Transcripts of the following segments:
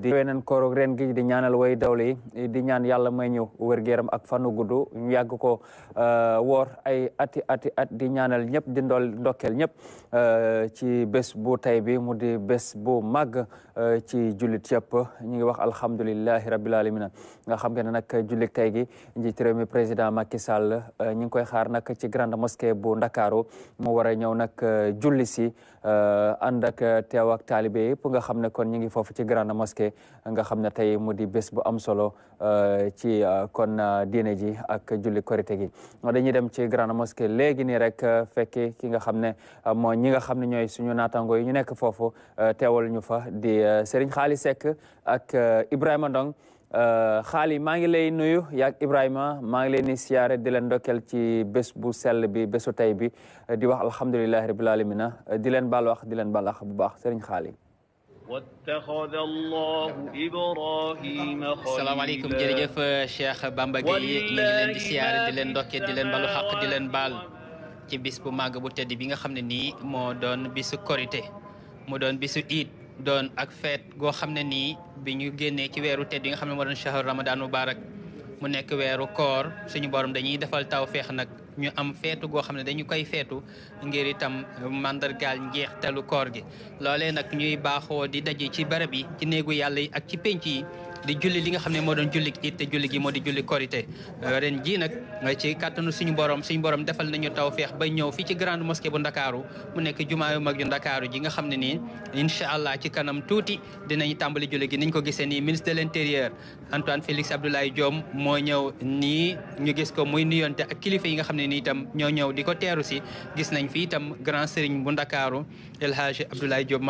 di weneen koorog ren gi di ñaanal way dawle di ñaan yàlla may ñu wér gu ak fanu gudd ñu yàgg ko euh, woor ay ati ati at di ñaanal ñëpp di ndool ndokkeel ñëpp euh, ci bés bu tey bi mu di bés bu màgg euh, ci jullit yëpp ñu ngi wax alhamdulilahi rabbil alamina nga xam ne nag jullit tey gi njiit réew mi président Macky Sall ñu ngi koy xaar nag ci grande mosquée bu Ndakaaru mu war a ñëw nag julli si Euh, ànd ak euh, teew ak taalibe yëpp nga xam ne kon ñu ngi foofu ci grande mosquée nga xam ne tey mu di bés bu am solo euh, ci kon diine ji ak julli korite gi dañuy dem ci grande mosquée léegi nii rek fekki ki nga xam ne moo ñi nga xam ne ñooy suñu naataango yi ñu nekk foofu teewal ñu fa di Serigne Xaali Seck ak Ibrahima Ndong Euh, xaali maa ngi lay nuyu yaag Ibrahima maa ngi leen di siyaare di leen ndokkeel ci bés bu sell bi bésu tey bi euh, di wax alhamdulilahi rabil alamina euh, di leen baal wax di leen baal wax bu baax sëriñ xaali wattaxada allahu ibrahima xaliila salaamaaleykum jërëjëf Bamba Gueye ngi leen di siyaare di leen ndokkeel di leen balu xaq di leen baal ci bis bu màgg bu tedd bi nga xam ne nii moo doon doon ak feet goo xam ne nii bi ñu génnee ci weeru tedd yi nga xam ne moo doon shahru ramadan mubarak mu nekk weeru koor suñu borom dañuy defal taw feex nag ñu am feetu goo xam ne dañu koy feetu ngir itam mandargaal njeextalu koor gi loolee nag ñuy baaxoo di daje ci barab yi ci néegu yàlla yi ak ci pénc yi di julli li nga xam ne moo doon julli it te julli gi moo di julli korité euh, ren jii nag ci kàttanu suñu borom suñu borom defal nañu feex ba ñëw fii ci grande mosquée bu ndakaaru mu nekk jumaa yu mag yu ndakaaru ji nga xam ne nii incha allah ci kanam tuuti dinañ tàmbali julli gi niñ ko gisee nii ministre de l'intérieur Antoine Félix Abdoulaye Diome moo ñëw nii ñu gis ko muy nuyonte ak kilifa yi nga xam ne nii itam ñoo ñëw di ko teeru si gis nañ fi itam grand sëriñ bu Ndakaaru El Hadj Abdoulaye Diop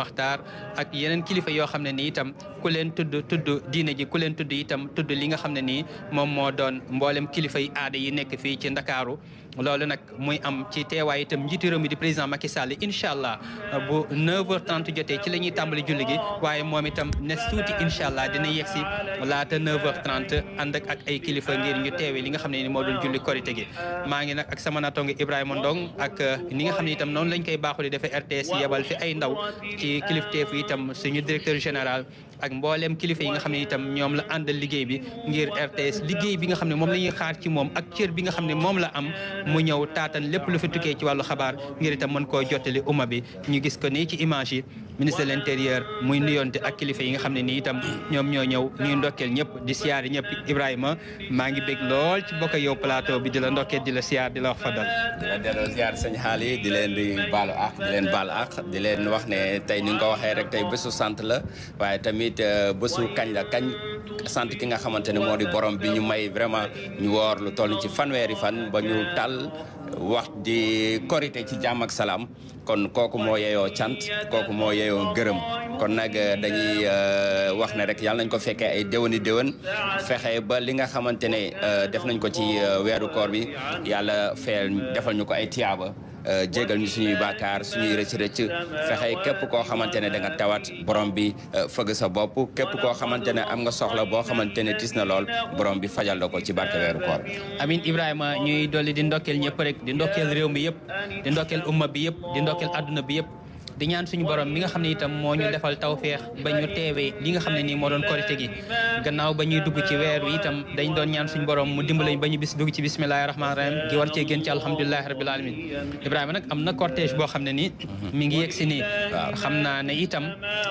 ak yeneen kilifa yoo xam ne ni itam ku leen tudd tudd diine ji ku leen tudd itam tudd li nga xam ne nii moom moo doon mbooleem kilifa yi aada yi nekk fii ci Ndakaaru loolu nag muy am ci teewaay itam njiitu réew mi di président Macky Sall incha allah euh, bu 9h30 jotee ci la ñuy tàmbali julli gi waaye moom itam ne suuti incha allah dina yegsi laata 9h30 ànd ak ak ay kilifa ngir ñu teewee li nga xam ne ni moo doon julli korite gi. maa ngi nag ak sama naataango Ibrahima Ndong ak euh, ni nga xam ne itam noonu lañ koy baaxul defee RTS yebal fi ay ndaw ci kilifteef itam suñu directeur général. ak mbooleem kilifa yi nga xam ne itam ñoom la àndal liggéey bi ngir RTS liggéey bi nga xam ne moom la ñuy xaar ci moom ak cër bi nga xam ne moom la am mu ñëw taatan lépp lu fi tukkee ci wàllu xabaar ngir itam mën koo jottali umma bi ñu gis ko nii ci image yi ministre de l'intérieur muy nuyoonte ak kilifa yi nga xam ne nii itam ñoom ñoo ñëw ñuy ndokkeel ñëpp di siyaare ñëpp Ibrahima maa ngi bég lool ci bokk yow plateau bi di la ndokkeel di la siyaar di la wax fadal di la delloo siyaar sëñ xaal yi di leen di baalu ak di leen wax ne tey ni nga ko waxee rek tey bésu sant la tamit bësu kañ la kañ sant ki nga di borom bi ñu may vraiment ñu woor lu toll ci fan ba ñu tal wax di korité ci jàmm ak salaam kon kooku moo yeyoo cant kooku moo kon nag eh, dañuy eh, wax ne rek yàlla nañ ko fekkee ay déwéni déwén fexe ba li nga xamante eh, def nañ ko ci weeru koor bi yàlla feel defal ko ay tiyaaba Eh, jégal ñu suñuy bàkkaar suñuy rëcc-rëcc fexe képp koo xamante da nga tawat borom bi eh, fëgg sa bopp képp koo xamante ne am nga soxla boo xamante ne tis na lool borom bi fajal la ci barke weeru koor amin ibrahima ñuy eh, doli di ndokkeel ñëpp rek di ndokkeel réew mi yëpp di ndokkeel umma bi yëpp di ndokkeel adduna bi yëpp di ñaan suñu borom mi nga xam ne itam moo ñu defal tawféex ba ñu teewee li nga xam ne nii moo doon korite gi gannaaw ba ñuy dugg ci weer wi itam dañ doon ñaan suñu boroom mu dimbalañ ba ñu bis dugg ci bismillahi rahmaani rahim gi war cee génn ci alhamdulilahi rabil alamin ibrahima nag am na cortège boo xam ne nii mi ngi yegg nii xam naa ne itam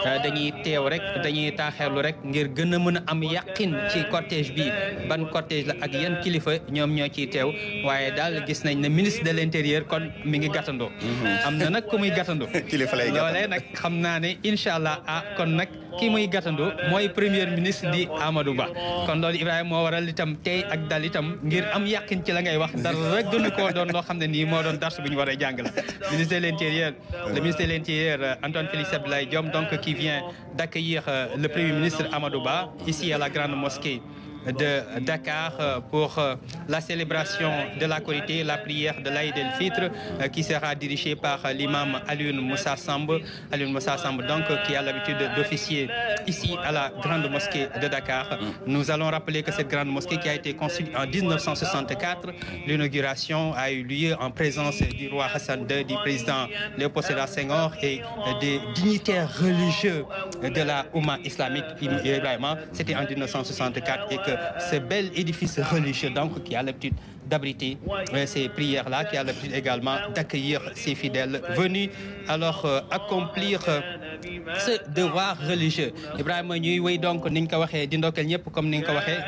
euh, dañuy teew rek dañuy taaxeerlu rek ngir gën a mën a am yàqin ci cortège bii ban cortège la ak yan kilifa ñoom ñoo ciy teew waaye daal gis nañ ne ministre de l'intérieur kon mi ngi gàttandoo mhm. lay loolee nag xam naa ne inshallah allah ah kon nak ki muy gàttandu moy premier ministre di Amadou Ba kon loolu ibrahim mo waral itam tay ak dal itam ngir am yàqin ci la ngay wax dara rek gën ko don lo xamné ni mo don dars buñu ñu war jàng la ministre de l'intérieur le ministre de l'intérieur euh, Antoine Félix Abdoulaye Diome donc qui vient d'accueillir euh, le premier ministre Amadou Ba ici à la grande mosquée de Dakar euh, pour euh, la célébration de la qualité la prière de l'Aïd el Fitr euh, qui sera dirigée par l'imam Alun Moussa Samb, Alun Moussa donc qui a l'habitude d'officier ici à la grande mosquée de Dakar. Nous allons rappeler que cette grande mosquée qui a été construite en 1964, l'inauguration a eu lieu en présence du roi Hassan II, du président Léopold Senghor et des dignitaires religieux de la Ouma islamique C'était en 1964 et que ce bel édifice religieux donc, qui a l'habitude d'abriter euh, ces prières-là, qui a l'habitude également d'accueillir ces fidèles venus alors euh, accomplir euh, ce devoir religieux Ibrahim ñuy donc comme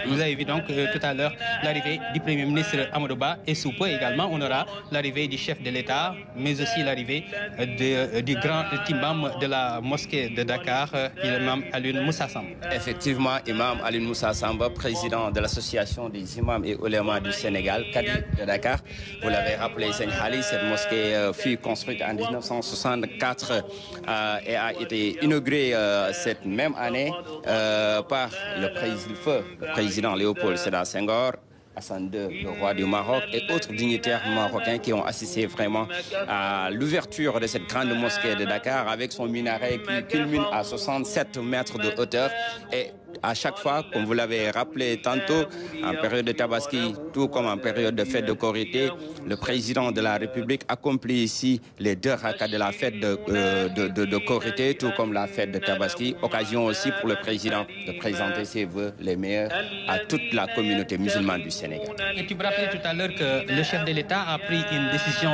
vous avez vu donc euh, tout à l'heure l'arrivée du premier ministre Amadou et sous peu également on aura l'arrivée du chef de l'État mais aussi l'arrivée euh, euh, du grand imam de la mosquée de Dakar imam Alun Moussa Samba effectivement imam Alun Moussa Samba président de l'association des imams et oulémas du Sénégal cadet de Dakar vous l'avez rappelé Senghali, cette mosquée fut construite en 1964 et a été inauguré euh, cette même année euh, par le, président, Léopold Sédar Senghor. Hassan II, le roi du Maroc, et autres dignitaires marocains qui ont assisté vraiment à l'ouverture de cette grande mosquée de Dakar avec son minaret qui culmine à 67 mètres de hauteur et à chaque fois, comme vous l'avez rappelé tantôt, en période de Tabaski, tout comme en période de fête de Corité, le président de la République accomplit ici les deux rakas de la fête de, Corité, euh, tout comme la fête de Tabaski. Occasion aussi pour le président de présenter ses voeux les meilleurs à toute la communauté musulmane du Sénégal. Et tu me rappelais tout à l'heure que le chef de l'État a pris une décision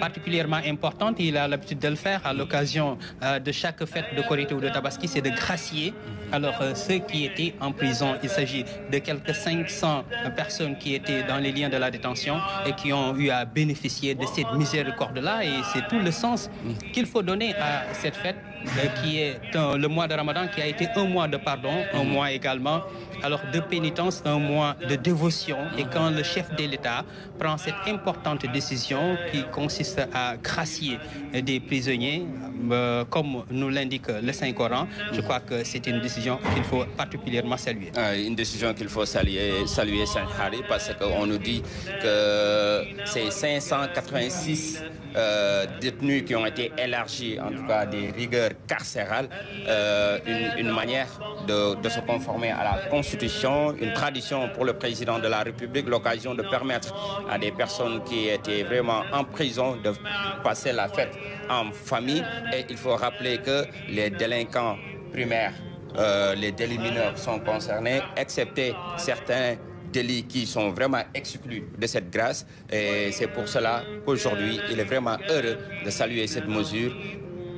particulièrement importante. Il a l'habitude de le faire à l'occasion euh, de chaque fête de Corité ou de Tabaski, c'est de gracier. Alors, ce euh, ceux qui qui étaient en prison. Il s'agit de quelques 500 personnes qui étaient dans les liens de la détention et qui ont eu à bénéficier de cette miséricorde-là. Et c'est tout le sens qu'il faut donner à cette fête euh, qui est le mois de Ramadan, qui a été un mois de pardon, un mhm. mois également, alors de pénitence, un mois de dévotion. Et mhm. quand le chef de l'État prend cette importante décision qui consiste à gracier des prisonniers, euh, comme nous l'indique le Saint-Coran, je crois que c'est une décision qu'il faut particulièrement saluer. Ah, une décision qu'il faut saluer, saluer Saint-Harry, parce qu'on nous dit que ces 586 euh, détenus qui ont été élargis, en tout cas des rigueurs carcérale, euh, une, manière de, se conformer à la Constitution, une tradition pour le président de la République, l'occasion de permettre à des personnes qui étaient vraiment en prison de passer la fête en famille. Et il faut rappeler que les délinquants primaires, euh, les délits mineurs sont concernés, excepté certains délits qui sont vraiment exclus de cette grâce. Et c'est pour cela qu'aujourd'hui, il est vraiment heureux de saluer cette mesure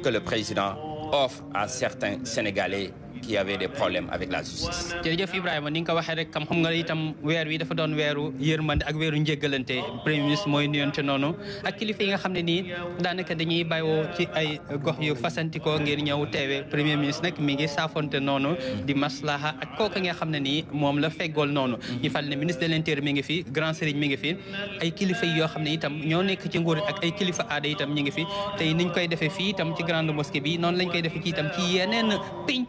que le président offre à certains Sénégalais qui avaient des problèmes avec la justice. jërëjëf Ibrahima ni nga ko waxee rek kam xam nga itam weer wi dafa doon weeru yërmande ak weeru njéggalante premier ministre mooy nuyonte noonu ak kilifa yi nga xam ne nii daanaka dañuy bàyyoo ci ay gox yu fasantikoo ngir ñëw teewee premier ministre nag mi ngi saafonte noonu di maslaha ak kooku nga xam ne nii moom la feggool noonu ñu fal ne ministre de l'intérieur mi ngi fi grand serigne mi ngi fi ay kilifa yoo xam ne itam ñoo nekk ci nguur ak ay kilifa aada itam ñu ngi fi te niñ koy fi fii itam ci grande mosquée bi noonu lañ koy defee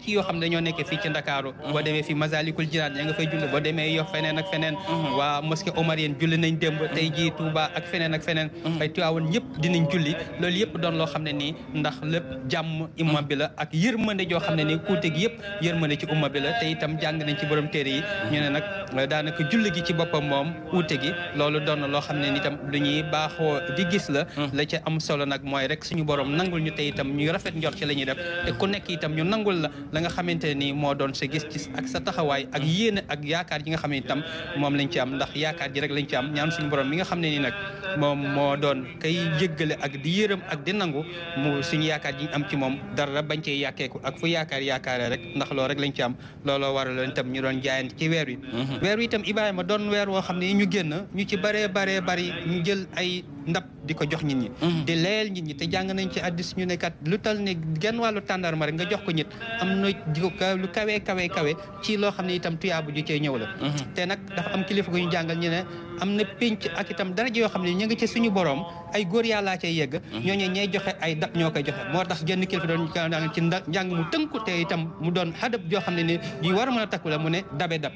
ci dañoo nekkee fii ci Ndakaaru boo demee fii Masalikul Jinaan ña nga fay julli boo demee yox feneen ak feneen mhm. waa mosquée omarienne julli nañ démb mhm. tey jii Touba ak feneen ak feneen mhm. ay Tiwaawan ñëpp dinañ julli loolu yëpp doon loo xam ne nii ndax lépp jàmm umma bi la ak yërmande joo xam ne nii kuute gi yëpp yërmande ci umma bi la te itam jàng nañ ci borom téere yi ñu ne nag euh, daanaka julli gi ci boppam moom uute gi loolu doon na loo xam ne ni itam lu ñuy baaxoo di gis la la ca am solo nag mooy rek suñu borom nangul ñu te itam ñuy rafet njor ci la ñuy def xamante ni moo doon sa gis-gis ak sa taxawaay ak mm. yéene ak yaakaar yi nga xam ne itam moom lañ ci am ndax yaakaar ji rek lañ ci am moo doon kay jéggale ak di yërëm ak di nangu mu suñu yaakaar ji ñu ci moom dara bañ cee yàkkeeku ak fu yaakaar yaakaaree rek ndax loolu rek lañ ci am looloo waraloon itam ñu doon jaayante ci weer wi mm-hmm. weer wi itam Ibrahima doon weer woo xam ne ñu génn ñu ci bare bare bari ñu jël ay ndab di ko jox nit ñi mm-hmm. di leel nit ñi te jàng nañ ci addis ñu ne kat lu tal ne genn wàllu tàndarma rek nga jox ko nit am na ju lu kawe kawe kawe ci loo xam ne itam tuyaabu ju cee ñëw la mhm. te nag dafa am kilifa gu ñu jàngal ñu ne am na pénc ak itam daraja yoo xam ne ñu ngi ci suñu borom ay góor laa cay yegg mhm. ñooñu ñay joxe ay dab ñoo koy joxe moo tax genn kilifa doon ci njàng mu tënku te itam mu doon xadab joo xam ne ni ñu war a mën a la mu ne dabe dab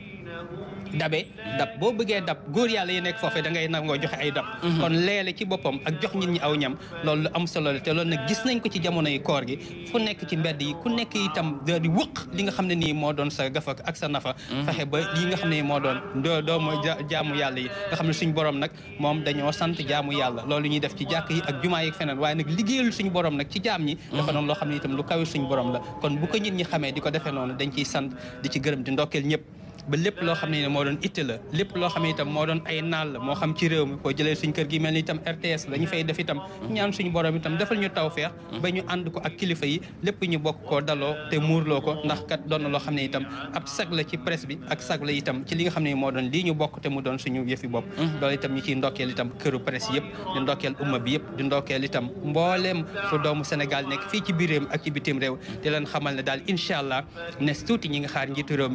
dabe dab boo bëggee dab góor yàlla yi nekk foofee da ngay nangoo joxe ay dab mhm. kon leele ci boppam ak jox nit ñi aw ñam loolu lu am solo la te loolu nag gis nañ ko ci jamono yi koor gi fu nekk ci mbedd yi ku nekk itam da di wëq li nga xam ne nii moo doon sa gafak ak sa nafa mhm. fexe ba yi nga xam ne moo doon doo doomu jaamu yàlla yi nga xam ne suñu borom nag moom dañoo sant jaamu yàlla loolu ñuy def ci jàkk yi ak jumaa yi ak feneen waaye nag liggéeyal suñu borom nag ci jaam ñi mhm. dafa doon loo xam ne itam lu kawe suñu borom la kon bu ko ñit ñi xamee di ko defee noonu dañ ciy sant di ci gërëm di ndokkeel ñëpp ba lépp loo xam ne moo doon itte la lépp loo xam ne itam moo doon ay naal la moo xam ci réew mi koo jëlee suñ kër gi mel ni itam RTS la ñu fay def itam ñu tawfeex ba ñu ko ak kilifa yi lépp ñu bokk koo daloo te muurloo ko ndax kat doon na loo xam ne itam ab sag la ci presse bi ak sag la itam ci li nga xam ne moo doon lii ñu bokk te mu doon suñu yëfi bopp mhm. loolu itam ñu ciy ndokkeel itam këru presse yëpp di ndokkeel umma bi yëpp di ndokkeel itam mbooleem fu doomu Sénégal nekk fii ci biir réew ak ci bitim réew te leen xamal ne daal incha allah nes tuuti ñi nga xaar njiitu réew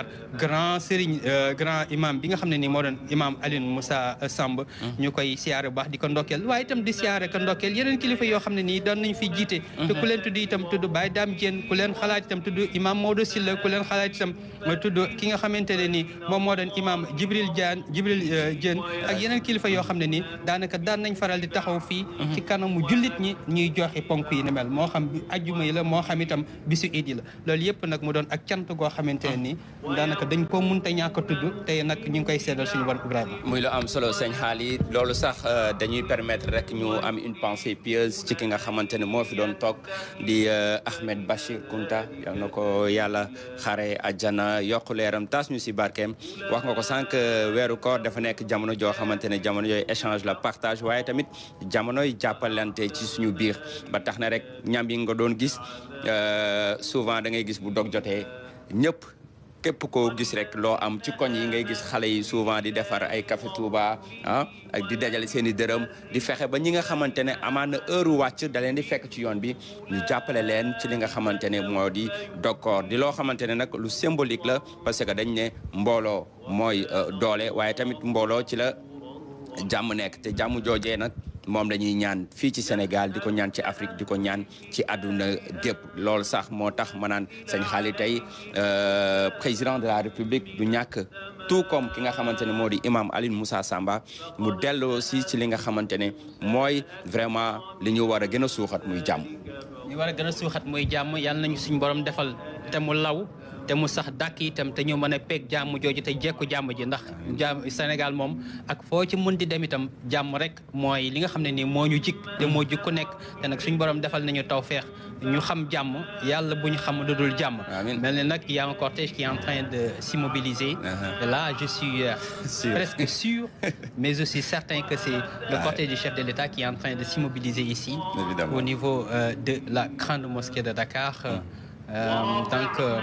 Sarr grand sëriñ euh, grand imam bi nga xam ne ni moo doon imam Alioune Moussa Samb ñu koy siyaare bu baax di ko ndokkeel waaye itam di siyaare ko ndokkeel yeneen kilifa yoo xam ne ni doon nañ fi jiite te ku leen tudd itam tudd Baye Dame Diène ku leen xalaat itam tudd imam Maodo Sylla ku leen xalaat itam tudd ki nga xamante ne nii moom moo doon imam Jibril Diane Jibril euh, Diène ak yeneen kilifa yoo xam ne nii daanaka daan nañ faral di taxaw fii ci kanamu julit ñi ñuy joxe ponk yi ni mel moo xam ajjuma yi la moo xam itam bisu idi la loolu yëpp nag mu doon ak cant goo xamante ne daanaka dañ ko mun te ñàkk tudd te nag ñu ngi koy seedal suñu war Ibrahima. muy lu am solo sëñ xaali loolu sax eh, dañuy permettre rek ñu am une pensée pieuse ci ki nga xamante eh, ya ne moo fi doon toog di Ahmed Bachir Kunta yal na ko yàlla xare àjjana yokk leeram tas ñu si barkeem wax nga ko sànq weeru koor dafa nekk jamono joo xamante ne jamono yooyu échange la partage waaye tamit jamonoy jàppalante ci suñu biir ba tax na rek ñam yi nga doon gis eh, souvent da ngay gis bu dog jotee ñëpp képp koo gis rek loo am ci koñ yi ngay gis xale yi souvent di defar ay café Touba ah ak di dajale seen i dërëm di fexe ba ñi nga xamante ne amaan na heure wàcc da leen di fekk ci yoon bi ñu jàppale leen ci li nga xamante ne moo di dokkoor di loo xamante ne nag lu symbolique la parce que dañ ne mbooloo mooy euh, doole waaye tamit mbooloo ci la jàmm nekk te jàmm joojee nag moom la ñaan fii ci Sénégal di ko ñaan ci Afrique di ko ñaan ci àdduna gépp loolu sax moo tax ma naan sëñ xaali tey euh, président de la République du ñàkk tout comme ki nga xamante ne moo di imam Alioune Moussa Samba mu delloo aussi ci li nga xamante ne mooy vraiment li ñu war a gën a suuxat muy jàmm. li war a gën defal te mu law. te mu sax dàkk itam te ñu mën a peeg jàmm jooju te jekku jàmm ji ndax jàmm Sénégal mom ak foo ci mun di dem itam jàmm rek mooy li nga xam ne nii moo ñu jik te moo jik ku nekk te nag suñu borom defal nañu taw feex ñu xam jàmm yàlla bu ñu xam lu dul jàmm mel ni il y a un cortège qui est en train de s'immobiliser et uh-huh. là je suis euh, presque sûr mais aussi certain que c'est le cortège du chef de l'État qui est en train de s'immobiliser ici Évidemment. au niveau euh, de la grande mosquée de Dakar euh, mmh. Euh, donc, euh,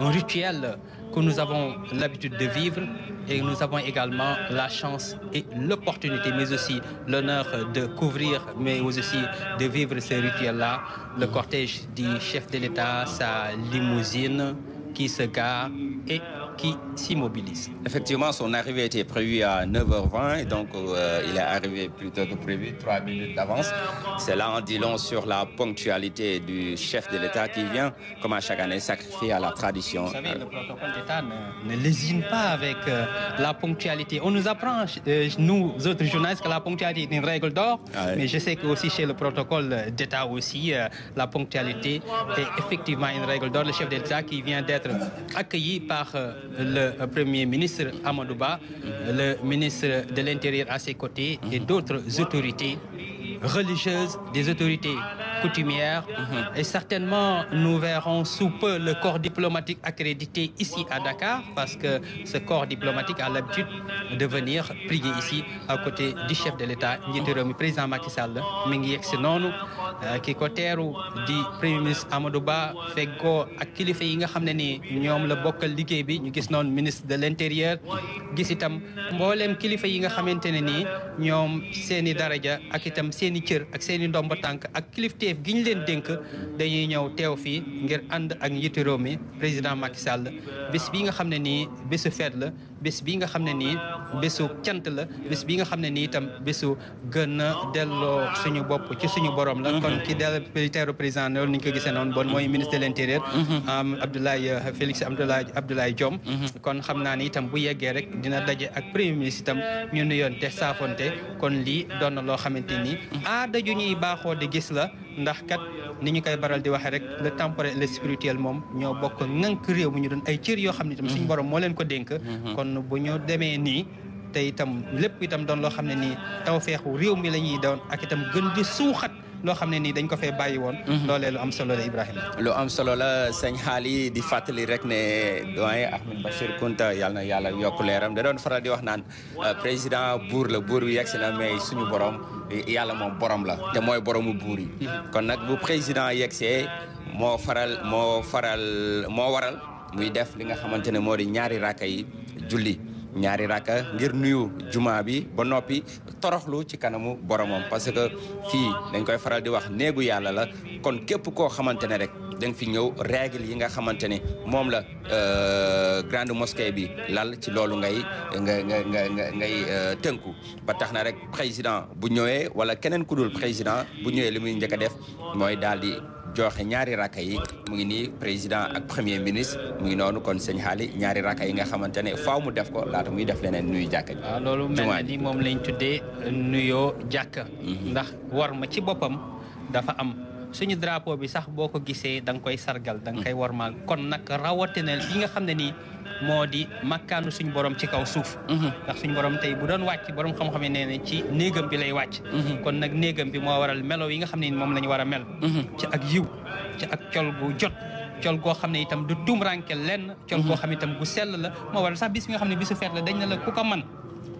un rituel que nous avons l'habitude de vivre et nous avons également la chance et l'opportunité, mais aussi l'honneur de couvrir, mais aussi de vivre ce rituel-là. Le cortège du chef de l'État, sa limousine, qui se gare et qui s'immobilise. Effectivement, son arrivée était prévue à 9h20 et donc euh, il est arrivé plutôt que prévu, trois minutes d'avance. Cela en dit long sur la ponctualité du chef de l'État qui vient, comme à chaque année, sacrifier à la tradition. Vous savez, le protocole d'État ne, lésine pas avec euh, la ponctualité. On nous apprend, euh, nous autres journalistes, que la ponctualité est une règle d'or, mais je sais que aussi chez le protocole d'État aussi, la ponctualité est effectivement une règle d'or. Le chef d'État qui vient d'être accueilli par euh, le euh, Premier ministre Amadouba, euh, le ministre de l'Intérieur à ses côtés et d'autres autorités religieuses, des autorités coutumières. Mhm. Et certainement, nous verrons sous peu le corps diplomatique accrédité ici à Dakar, parce que ce corps diplomatique a l'habitude de venir prier ici, à côté du chef de l'État, le président Macky Sall, Mingi qui euh, Kikoteru, du Premier ministre Amadou Amadouba, Fego, Akilife Inga ni Nyom le Bokal Ligebi, Nugisnon, ministre de l'Intérieur, Gisitam, Mbolem Kilife Inga Hamneni, Nyom Seni Daraja, Akitam Seni. seen i cër ak seen i ndomba tànk ak kilifteef gi ñu leen dénk dañuy ñëw teew fii ngir ànd ak njiitu réew mi président Macky Sall bés bi nga xam ne nii bésu feet la bés bi nga xam ne nii bésu cant la bés bi nga xam ne nii itam suñu ci suñu borom la mhm. kon ki dell teeru président ni ko bon mooy ministre de l'intérieur mhm. Abdoulaye euh, Félix Abdoulaye Abdoulaye Diom mhm. kon xam ni tam bu yeggee rek dina daje ak premier ministre itam ñu kon li doon na loo A de aada ju ñuy baaxoo di gis la ndax kat ni ñu koy baral di waxe rek le temporel le spirituel mom ñoo bokk ngënk réew mu ñu doon ay cër suñu borom leen ko kon doon bu ñu demee nii te itam lépp itam doon loo xam ne nii tawfeexu réew mi la ñuy doon ak itam gën di suuxat loo xam ne nii dañ ko fee bàyyi woon mhm. loolee lu am solo la Ibrahima lu am solo la sëñ Xaali di fàttali rek ne doyen Ahmed Bachir kunta yàlla na yàlla yokk leeram da doon faral di wax naan euh, président buur la buur bi yegsi na mais suñu borom yàlla moom borom la te mooy boromu buur yi mhm. kon nag bu président yegsee moo faral moo faral moo waral muy def li nga xamante ne ñaari raaka julli ñaari raka ngir nuyu juma bi ba noppi toroxlu ci kanamu boromam parce que fii dañ koy faral di wax néegu yàlla la kon képp koo xamante ne rek da nga fi ñëw règle yi nga xamante ne moom la euh, grande mosquée bi lal ci loolu ngay nga nga nga euh, tënku ba tax na rek président bu ñëwee wala keneen ku dul président bu ñëwee li muy njëkk def mooy daal joxe ñaari rakka yi mu ngi ni président ak premier ministre mu ngi noonu kon sëñ xaali ñaari rakka yi nga xamante ne faaw mu def ko laata muy def leneen nuyu jàkka ji. waaw loolu mel na ni moom lañ tuddee nuyoo jàkka. Mhm. ndax war ma ci boppam dafa am. suñu drapeau bi sax boo ko gisee da nga koy sargal da nga koy warmaal kon nag rawatina li nga xam ne nii moo di makkaanu suñu borom ci kaw suuf mhm. ndax suñu borom tey bu doon wàcc borom xam-xam nee ne ci néegam bi lay wàcc mhm. kon nag néegam bi moo waral melow yi nga xam ne ni moom lañu ñu war a mel mhm. ci ak yiw ci ak col gu jot col goo xam ne itam du tuum ranke lenn col goo xam ne itam gu sell la moo waral sax bis bi nga xam ne bisu feet la dañ na la ku ko man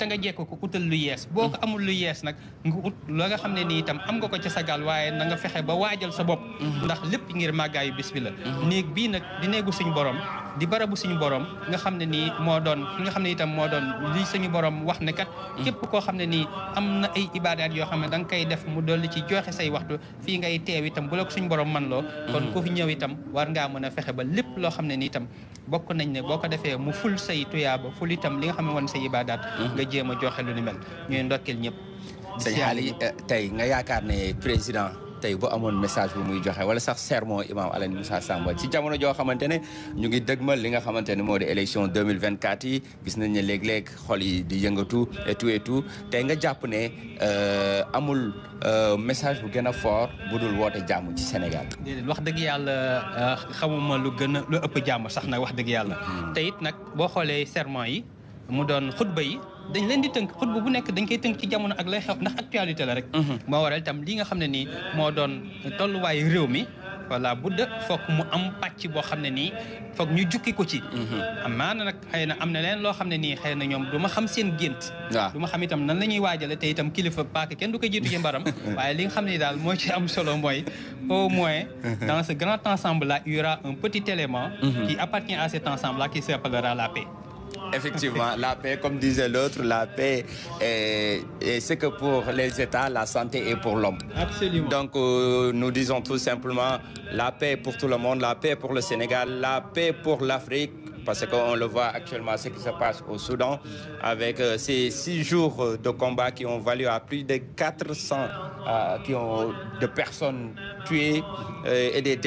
te nga jekk ko utal lu yees boo ko amul lu yees nag nga ut la nga xam ne ni itam am nga ko ca sagal waaye na nga fexe ba waajal sa bopp mhm. ndax lépp ngir màggaayu bis bi mhm. nak di néegu suñu borom di barabu suñu borom nga xam ne nii moo doon ki nga xam ne itam moo doon li suñu borom wax ne kat mhm. képp koo xam ne nii am na ay ibaadaat yoo xam ne da nga koy def mu dolli ci joxe say waxtu fii ngay teew itam bu la ko suñu borom man loo kon ku fi ñëw itam war ngaa mën a ba lépp loo xam ni itam bokk nañ ne boo ko mu ful say tuyaaba ful itam li nga xam ne say ibaadaat nga jéem a joxe lu ni mel ñuy ndokkeel ñëpp. sëñ eh, tey nga yaakaar ne président tey bu amoon message bu muy joxe wala sax sermon imaam Alioune Moussa Samba ci jamono joo xamante ne ñu ngi dëgmal li nga xamante ne moo di élection 2024 yi gis nañ ne léeg-léeg xol yi di yëngatu et tout et tey nga jàpp ne euh, amul euh, message bu gën a foor bu dul woote jàmm ci Sénégal. wax dëgg yàlla euh, xamuma lu gën a lu ëpp jàmm sax nag wax dëgg yàlla. Hmm. te nag boo xoolee sermon yi mu doon xutba yi. dañ leen di tënk xutba bu nekk dañ koy tënk ci jamono ak lay xew ndax actualité la rek mhm. moo waral itam li nga xam ne nii moo doon tolluwaayu réew mi voilà bu dee foog mu am pàcc boo xam ne nii foog ñu jukki ko ci mhm. amaana nag xëy na am na leen loo xam ne nii xëy na ñoom du ma xam seen gént du ma xam itam nan la ñuy waajale te itam kilifa paak kenn du ko jiitu ci mbaram waaye li nga xam ne daal moo ci am solo mooy au moins dans ce grand ensemble là il y aura un petit élément mhm. qui Effectivement, la paix, comme disait l'autre, la paix est, que pour les États, la santé est pour l'homme. Absolument. Donc euh, nous disons tout simplement la paix pour tout le monde, la paix pour le Sénégal, la paix pour l'Afrique, parce qu'on le voit actuellement ce qui se passe au Soudan, avec euh, ces six jours euh, de combat qui ont valu à plus de 400 qui ont, personnes tuées et des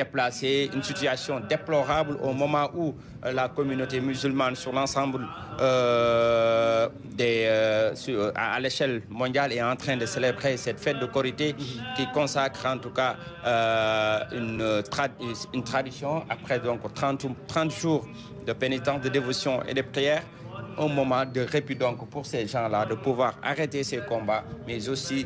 une situation déplorable au moment où euh, la communauté musulmane sur l'ensemble euh, des, euh, à, l'échelle mondiale est en train de célébrer cette fête de Corité qui consacre en tout cas une, une, tradition après donc 30, 30 jours de pénitence, de dévotion et de prière un moment de répit donc pour ces gens-là de pouvoir arrêter ces combats, mais aussi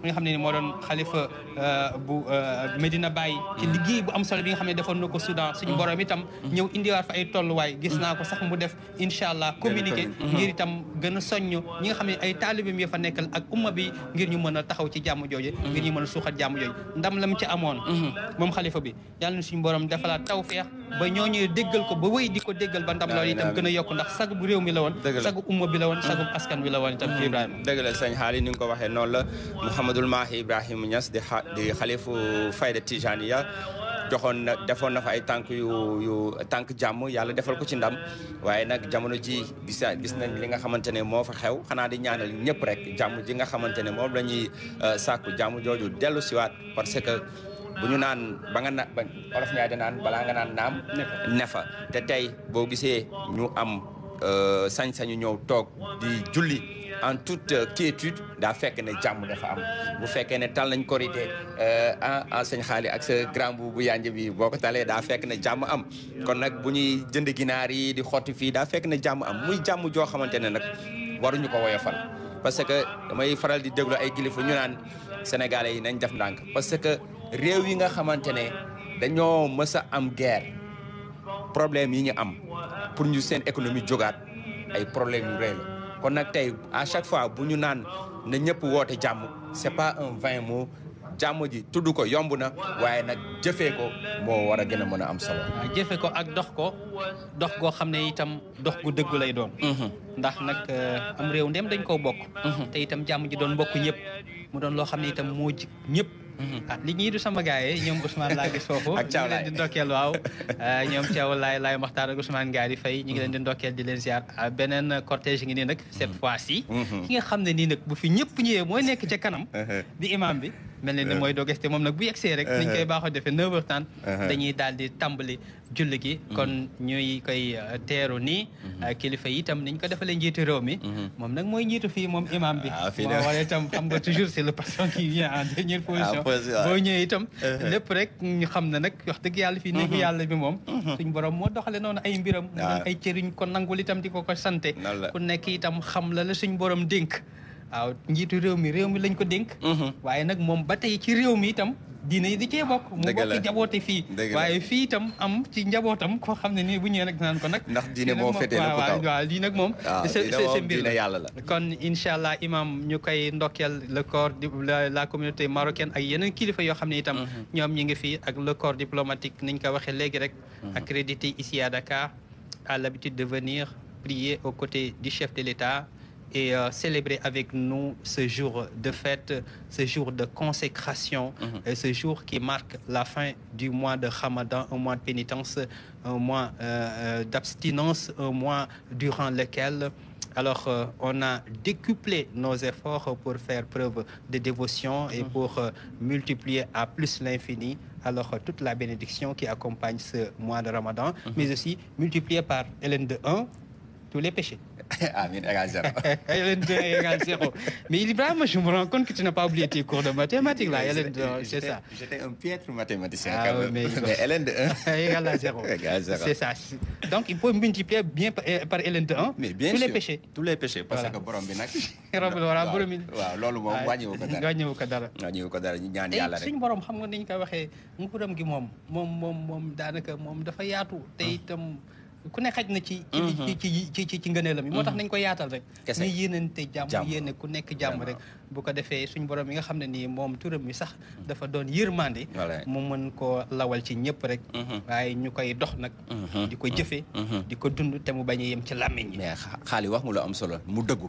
mi nga xam ne ni moo doon xalifa bu Medina Baye ci liggéey bu am solo bi nga xam ne defoon na ko Soudan suñu borom itam ñëw indiwaat fa ay tolluwaay gis naa ko sax mu def incha allah communiqué ngir itam gën a soññ ñi nga xam ne ay taalibeem ya fa nekkal ak umma bi ngir ñu mën a taxaw ci jàmm jooju ngir ñu mën a suuxat jàmm jooju ndam lam ci amoon moom xalifa bi yàlla na suñu borom defalaat tawfeex ba ñooñu déggal ko ba wéy di ko déggal ba ndam loolu itam gën a yokk ndax sagu bu réew mi la woon sagu umma bi la woon sagu askan bi la woon itam mm. Ibrahima dëgg la sëñ xaali nga ko waxee noonu la Mouhamadul Mahi Ibrahima Niass di di xalifu fayda tijaniya joxoon na defoon na fa ay tànk yu yu tànk jàmm yàlla defal ko ci ndam waaye nag jamono ji gis gis nañ li nga xamante ne moo fa xew xanaa di ñaanal ñëpp rek jàmm ji nga xamante ne moom la ñuy euh, sàkku jàmm jooju dellu siwaat parce que bu ñu naan ba nga na olof ñaay da naan balaa nga naan naam nefa te tey boo gisee ñu am euh, sañ-sañu ñëw toog di julli en toute quiétude daa fekk ne jàmm dafa am bu fekkee ne tal nañ korité euh, en sëñ xaali ak sa grand bu bu yànj bi boo ko talee daa fekk ne jàmm am kon nag bu jënd ginaar yi di xotti fii daa fekk ne jàmm am muy jàmm joo xamante nak nag waruñu ko woyofal parce que damay faral di déglu ay kilifa ñu naan sénégalais yi nañ def ndànk parce que réew yi nga xamante ne dañoo mës a am guerre problème yi ñu am pour ñu seen économie jógaat ay problème yu la kon nag tey à chaque fois bu ñu naan na ñëpp woote jàmm c'est pas un vain moo jàmm ji tudd ko yomb na waaye nag jëfee ko moo wara gën a mën a am solo. jëfe ko ak dox ko dox goo xam ne itam dox gu dëggu lay doon. Mm-hmm. ndax nag euh, am réew ndem dañ koo bokk. Mm-hmm. te itam jàmm ji doon bokk ñëpp mu doon loo xam ne itam moo ji ñëpp. Mm-hmm. ah li ñuy du sama gars ñoom Ousmane laa gis foofu. ak Thiaw laay ñu ngi leen di ndokkeel waaw. Ah, ñoom Thiaw laay laay Maxtaar ak Gaari Faye ñu ngi leen di ndokkeel di leen ziar beneen cortège ngi nii nag cette fois ci. ki nga xam ne nii nag bu fi ñëpp ñëwee mooy nekk ca kanam. Uh-huh. di imam bi. mel na eh. mooy doges te moom nag bu yegsee rek niñ koy eh. baaxoo defee 9h30 eh. dañuy daal di tàmbali julli gi mm-hmm. kon ñuy koy euh, teeru nii mm-hmm. euh, kilifa yi itam niñ ko defalee njiitu réew mi mm-hmm. moom nag mooy njiitu fii moom imam bi ah, moo wala itam xam nga toujours c'est le patron qui vient en ah, lépp rek ñu xam ne nag wax dëgg yàlla fii néegu yàlla bi moom suñ borom moo doxale noonu ay mbiram mu ah. doon ay cëriñ ko nangul itam di ko ko sante ku nekk itam xam la la suñ borom dénk waaw njiitu réew mi réew mi lañ ko dénk. Mhm. waaye nag moom ba tey ci réew mi itam. diine yi di cee bokk mu bokk jaboote fii waaye fii itam am ci njabootam koo xam ne nii bu ñëwee nag naan ko nag ndax diine moo féetee na ko kaw lii nag moom ah, c'est yàlla la kon incha allah imam ñu koy ndokkeel le corps la communauté marocaine ay yeneen kilifa yoo xam ne itam mhm. ñoom ñi ngi fii ak le corps diplomatique niñ ko waxee léegi rek mhm. accrédité ici à a à l'habitude de venir prier aux côtés du chef de l'État et euh, célébrer avec nous ce jour de fête, ce jour de consécration, mhm. et ce jour qui marque la fin du mois de Ramadan, un mois de pénitence, un mois euh, euh, d'abstinence, un mois durant lequel alors, on a décuplé nos efforts pour faire preuve de dévotion et mhm. pour multiplier à plus l'infini alors toute la bénédiction qui accompagne ce mois de Ramadan, mhm. mais aussi multiplier par Hélène de 1 tous les péchés. Amine ah, égale zéro. LN2 zéro. Mais Ibrahim, je me rends compte que tu n'as pas oublié tes cours de mathématiques là. LN2, c'est ça. J'étais un piètre mathématicien ah, quand Mais, 2 égal à zéro. C'est ça. Donc il faut multiplier bien par euh, LN2 mais bien tous les péchés. Tous les péchés. Parce que ku ne xaj na mhm. ci ci ci ci ci ngëneelam yi moo tax mhm. nañ ko yaatal rek ñu yéenante jàmm yéene ku nekk jàmm rek bu ko defee suñ borom yi nga xam ne ni moom turam mi sax mhm. dafa doon yërmande mu mën koo lawal ci ñëpp rek waaye ñu koy dox nag di ko jëfe di ko dund te mu bañ a yem ci làmmiñ yi mais xaali wax mu la am solo mu dëggu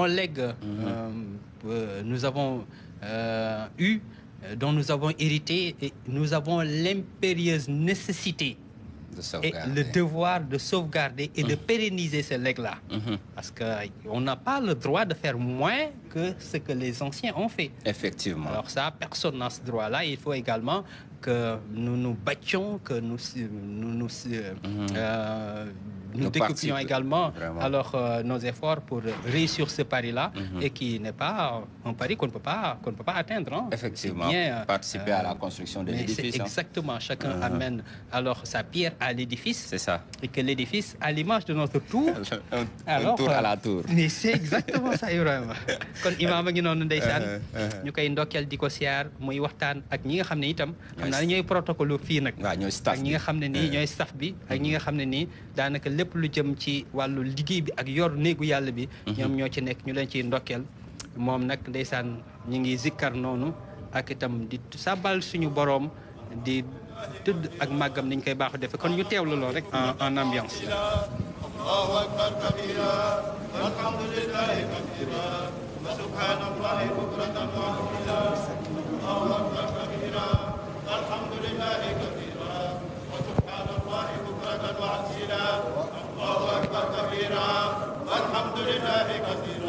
bon legs euh, euh, nous avons euh, eu, dont nous avons hérité, et nous avons l'impérieuse nécessité de et le devoir de sauvegarder et de pérenniser ce legs-là. Mhm. Parce qu'on n'a pas le droit de faire moins que ce que les anciens ont fait. Effectivement. Alors ça, personne n'a ce droit-là. Il faut également que nous nous battions, que nous nous, nous mhm nous découpions également alors euh, nos efforts pour réussir ce pari-là mhm. et qui n'est pas un pari qu'on ne peut pas qu'on peut pas atteindre. Hein. Effectivement. Bien, participer à la euh, construction de l'édifice. Hein. Exactement. Chacun mhm. amène alors sa pierre à l'édifice. C'est ça. Et que l'édifice, à l'image de notre tour, un, alors, tour à la euh, tour. Mais c'est exactement ça, Ibrahim. Quand imaam a ngi noonu ndeysaan dit uh-huh, uh-huh. koy ndokkeel a ko siyaar muy waxtaan ak ñi nga xam ne itam xam naa protocole fii nag. ak ñi nga xam ne uh-huh. staff bi ak ñi nga xam lépp lu jëm ci wàllu liggéey bi ak yor néegu yàlla bi desan ñoo ci nekk ñu leen ciy ndokkeel moom nag ndeysaan ñu ngi zikkar noonu ak itam di sabal suñu borom di tudd ak màggam niñ koy baaxu defe kon ñu rek en ambiance ਜਿਹੜਾ ਇਹ ਕਰਦੀ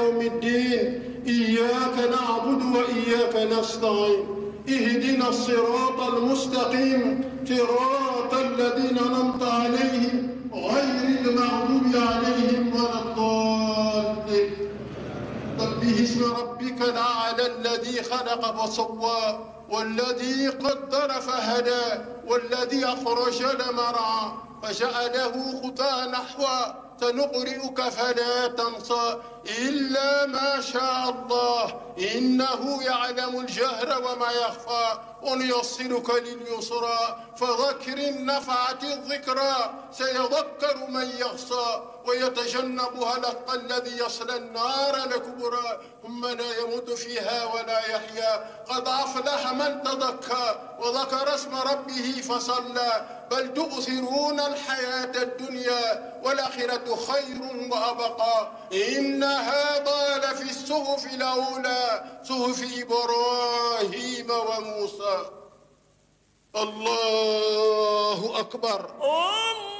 يوم الدين إياك نعبد وإياك نستعين اهدنا الصراط المستقيم صراط الذين نمت عليهم غير المغضوب عليهم ولا الضالين به اسم ربك الأعلى الذي خلق فصوى والذي قدر فهدى والذي أخرج لمرعى فجعله خطى نحوى سنقرئك فلا تنصى إلا ما شاء الله إنه يعلم الجهر وما يخفى ونيصلك لليسرى فذكر نفعت الذكرى سيذكر من يخصى ويتجنبها الأتقى الذي يصلى النار لكبرى ثم لا يموت فيها ولا يحيا قد أفلح من تذكى وذكر اسم ربه فصلى بل تؤثرون الحياة الدنيا والآخرة خير وأبقى إن هذا لفي الصحف الأولى صحف إبراهيم وموسى الله أكبر الله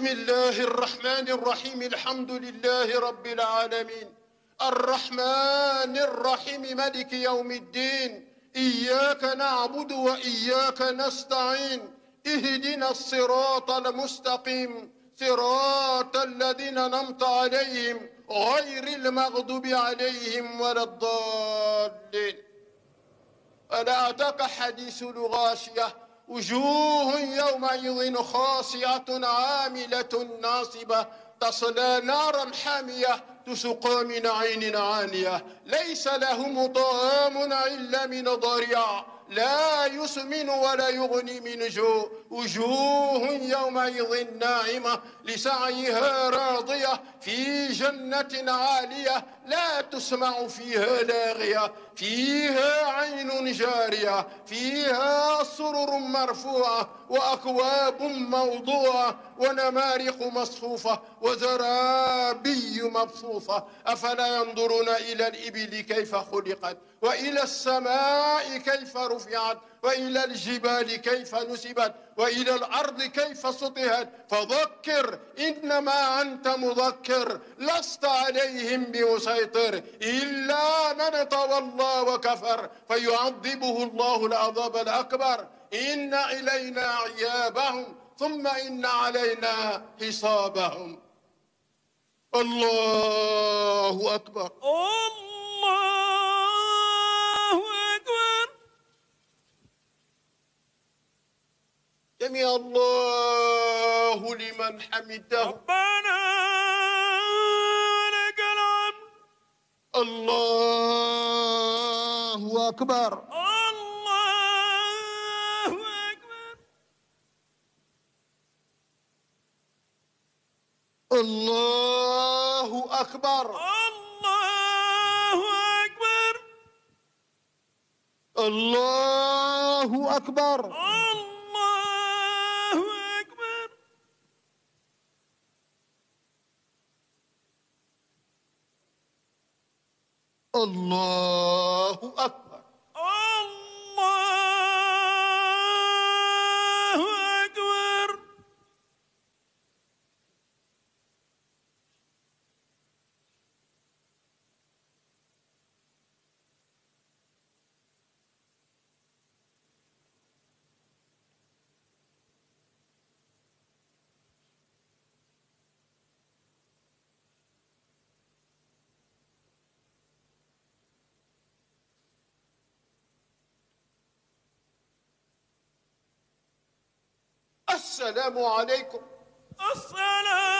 بسم الله الرحمن الرحيم الحمد لله رب العالمين الرحمن الرحيم ملك يوم الدين إياك نعبد وإياك نستعين اهدنا الصراط المستقيم صراط الذين نمت عليهم غير المغضوب عليهم ولا الضالين ألا أتاك حديث الغاشية وجوه يومئذ خاصية عاملة ناصبة تصلى نارا حامية تسقى من عين عانية ليس لهم طعام إلا من ضريع لا يسمن ولا يغني من جوع وجوه يومئذ ناعمة لسعيها راضية في جنة عالية لا تسمع فيها لاغية فيها عين جارية فيها سرر مرفوعة وأكواب موضوعة ونمارق مصفوفة وزرابي مبثوثة أفلا ينظرون إلى الإبل كيف خلقت وإلى السماء كيف رفعت وإلى الجبال كيف نسبت وإلى الأرض كيف سطحت فذكر إنما أنت مذكر لست عليهم بمسيطر إلا من تولى وكفر فيعذبه الله العذاب الأكبر إن إلينا عيابهم ثم إن علينا حسابهم الله أكبر الله سمع الله لمن حمده ربنا لك الحمد الله أكبر الله أكبر الله أكبر الله أكبر الله أكبر الله الله أكبر السلام عليكم السلام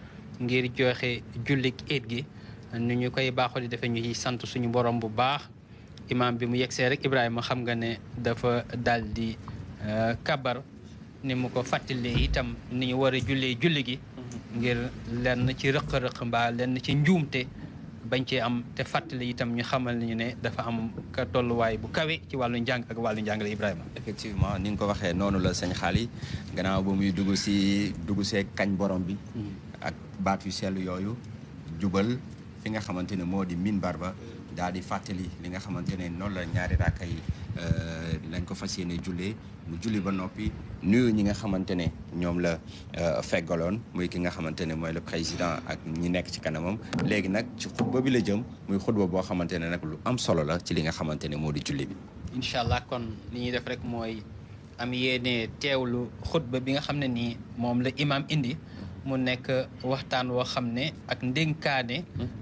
ngir joxe jullik it gi nu ñu koy baaxoo di defee ñu sant suñu borom bu baax imaam bi mu yegsee rek Ibrahima xam nga ne dafa daal di euh, kabar ni mu ko fàttali fàttalee itam ni ñu war jullee julli gi mm-hmm. ngir lenn ci rëq-rëq mbaa lenn ci njuumte bañ cee am te fàttali itam ñu xamal nañu ne dafa am ka tolluwaay bu kawe ci wàllu njàng ak wàllu njàngale Ibrahima. effectivement ni nga ko waxee noonu la sëñ xaali gannaaw ba muy dugg si dugg see kañ borom bi. Mm-hmm. baat yu sell yooyu jubal fi nga xamante ne moo di minbar ba daal di fàttali li nga xamante ne noonu la ñaari raaka yi euh, lañ ko fas yéene jullee mu julli ba noppi nuyu ñi nga xamante ne ñoom la euh, feggaloon muy ki nga xamante ne mooy la président ak ñi nekk ci kanamam léegi nag ci xutba bi la jëm muy xutba boo xamante ne nag lu am solo la ci li nga xamante ne moo di julli bi. incha allah kon li ñuy def rek mooy am yéene teewlu xutba bi nga xam ne nii moom la imam indi. mu nekk waxtaan woo xam ne ak ndénkaane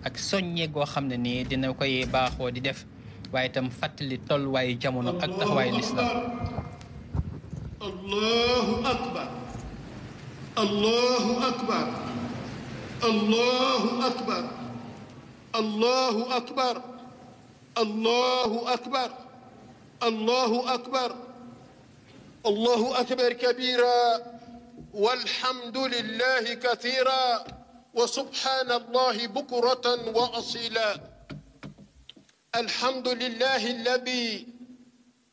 ak soññe goo xam ne nii dina koy baaxoo di def waaye itam fàttali tolluwaayu jamono ak taxawaayu lislam allahu akbar allahu akbar allahu akbar allahu akbar allahu akbar allahu akbar allahu akbar kabira والحمد لله كثيرا وسبحان الله بكرة وأصيلا الحمد لله الذي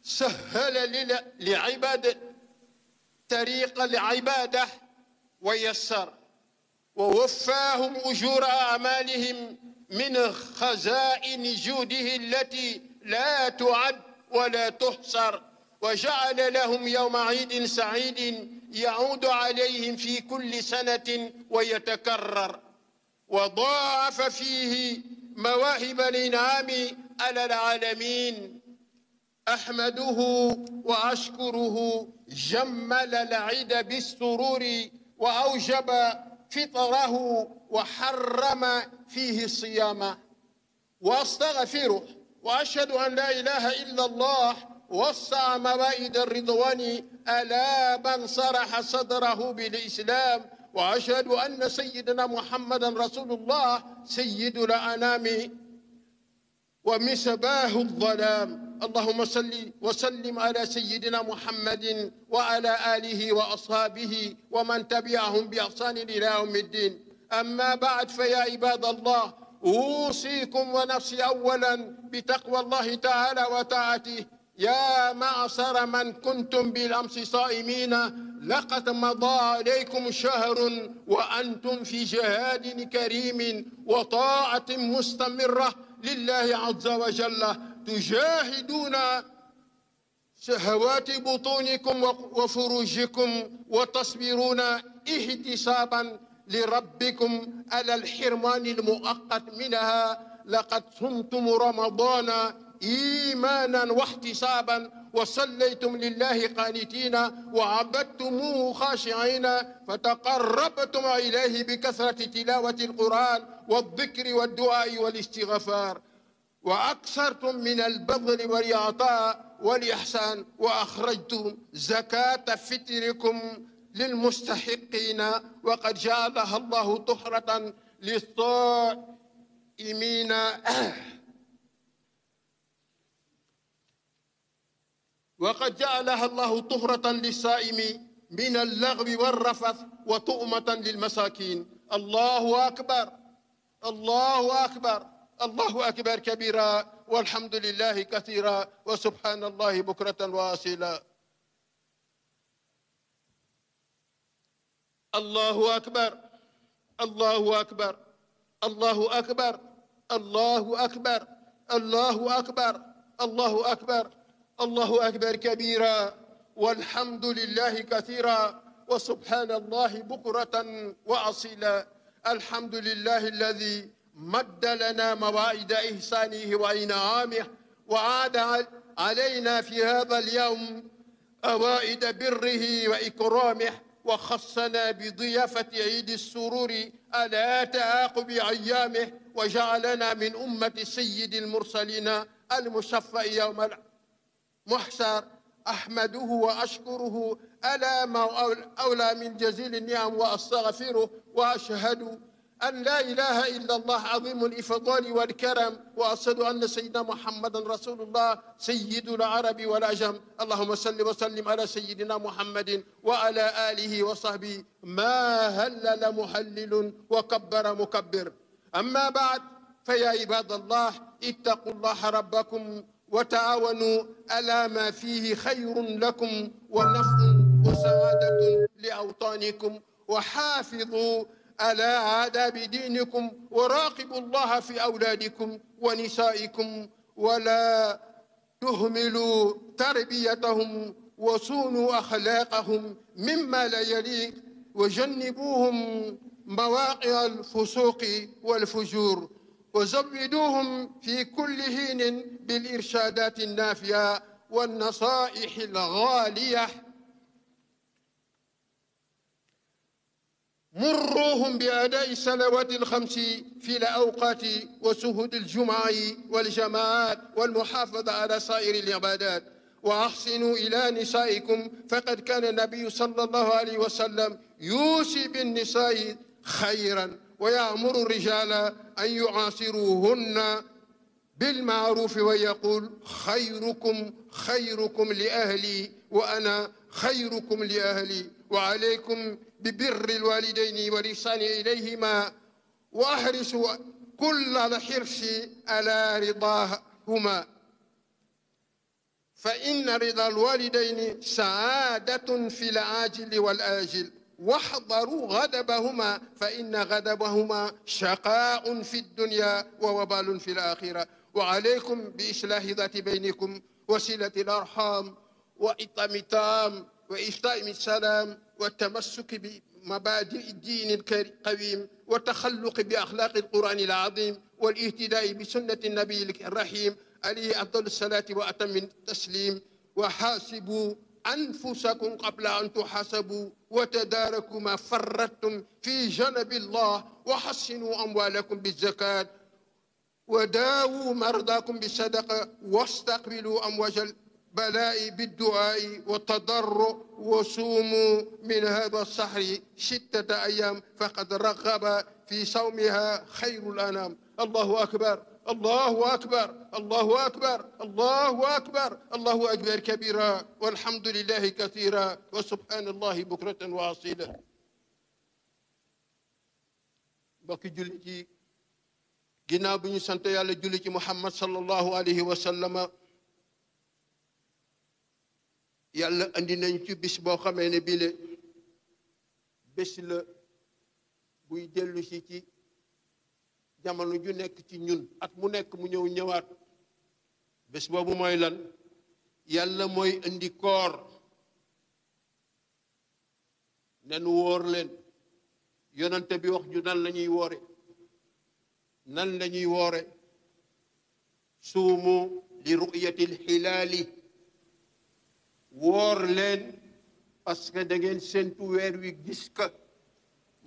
سهل لعباده طريق العبادة ويسر ووفاهم أجور أعمالهم من خزائن جوده التي لا تعد ولا تحصر وجعل لهم يوم عيد سعيد يعود عليهم في كل سنة ويتكرر وضاعف فيه مواهب الإنعام على العالمين أحمده وأشكره جمل العيد بالسرور وأوجب فطره وحرم فيه الصيام وأستغفره وأشهد أن لا إله إلا الله وصى مرائد الرضوان ألا من صرح صدره بالإسلام وأشهد أن سيدنا محمدا رسول الله سيد الأنام ومسباه الظلام اللهم صل وسلم على سيدنا محمد وعلى آله وأصحابه ومن تبعهم بإحسان إلى يوم الدين أما بعد فيا عباد الله أوصيكم ونفسي أولا بتقوى الله تعالى وطاعته يا معشر من كنتم بالأمس صائمين لقد مضى عليكم شهر وأنتم في جهاد كريم وطاعة مستمرة لله عز وجل تجاهدون شهوات بطونكم وفروجكم وتصبرون احتسابا لربكم على الحرمان المؤقت منها لقد صمتم رمضان إيمانا واحتسابا وصليتم لله قانتين وعبدتموه خاشعين فتقربتم إليه بكثرة تلاوة القرآن والذكر والدعاء والاستغفار وأكثرتم من البذل والإعطاء والإحسان وأخرجتم زكاة فتركم للمستحقين وقد جعلها الله طهرة للصائمين وقد جعلها الله طهرة للصائم من اللغو والرفث وطؤمة للمساكين الله أكبر الله أكبر الله أكبر كبيرا والحمد لله كثيرا وسبحان الله بكرة واصيلا الله أكبر الله أكبر الله أكبر الله أكبر الله أكبر الله أكبر الله أكبر كبيرا والحمد لله كثيرا وسبحان الله بكرة وأصيلا الحمد لله الذي مد لنا مواعيد إحسانه وإنعامه وعاد علينا في هذا اليوم أوائد بره وإكرامه وخصنا بضيافة عيد السرور على تعاقب أيامه وجعلنا من أمة سيد المرسلين المشفى يوم العالم محسر أحمده وأشكره ألا ما أولى من جزيل النعم وأستغفره وأشهد أن لا إله إلا الله عظيم الإفضال والكرم وأشهد أن سيدنا محمدا رسول الله سيد العرب والعجم اللهم صل وسلم على سيدنا محمد وعلى آله وصحبه ما هلل محلل وكبر مكبر أما بعد فيا عباد الله اتقوا الله ربكم وتعاونوا على ما فيه خير لكم ونفع وسعادة لأوطانكم وحافظوا على آداب دينكم وراقبوا الله في أولادكم ونسائكم ولا تهملوا تربيتهم وصونوا أخلاقهم مما لا يليق وجنبوهم مواقع الفسوق والفجور وزودوهم في كل حين بالإرشادات النافية والنصائح الغالية مروهم بأداء الصلوات الخمس في الأوقات وسهود الجمعة والجماعات والمحافظة على سائر العبادات وأحسنوا إلى نسائكم فقد كان النبي صلى الله عليه وسلم يوصي بالنساء خيرا ويأمر الرجال أن يعاصروهن بالمعروف ويقول خيركم خيركم لأهلي وأنا خيركم لأهلي وعليكم ببر الوالدين والإحسان إليهما وأحرصوا كل الحرص على رضاهما فإن رضا الوالدين سعادة في العاجل والآجل واحضروا غضبهما فإن غضبهما شقاء في الدنيا ووبال في الآخرة وعليكم بإصلاح ذات بينكم وصلة الأرحام وإطعام الطعام وإيتاء السلام والتمسك بمبادئ الدين القويم والتخلق بأخلاق القرآن العظيم والاهتداء بسنة النبي الرحيم عليه أفضل الصلاة وأتم التسليم وحاسبوا أنفسكم قبل أن تحاسبوا وتداركوا ما فرطتم في جنب الله وحصنوا أموالكم بالزكاة وداووا مرضاكم بالصدقة واستقبلوا أمواج البلاء بالدعاء والتضرع وصوموا من هذا الصحر ستة أيام فقد رغب في صومها خير الأنام الله أكبر الله أكبر الله أكبر الله أكبر الله أكبر كبيرا والحمد لله كثيرا وسبحان الله بكرة وأصيلا باقي جلتي جنا بني سنت محمد صلى الله عليه وسلم يلا عندي ننتي بس بو خامي بيلي بس لو jamono ju nekk ci ñun at mu nekk mu ñëw ñëwaat bés boobu mooy lan yàlla mooy indi koor nen wóor leen yonante bi wax ju nan lañuy woore nan lañuy woore suumu li ru'yati alxilaali woor leen parce que da weer wi gis ka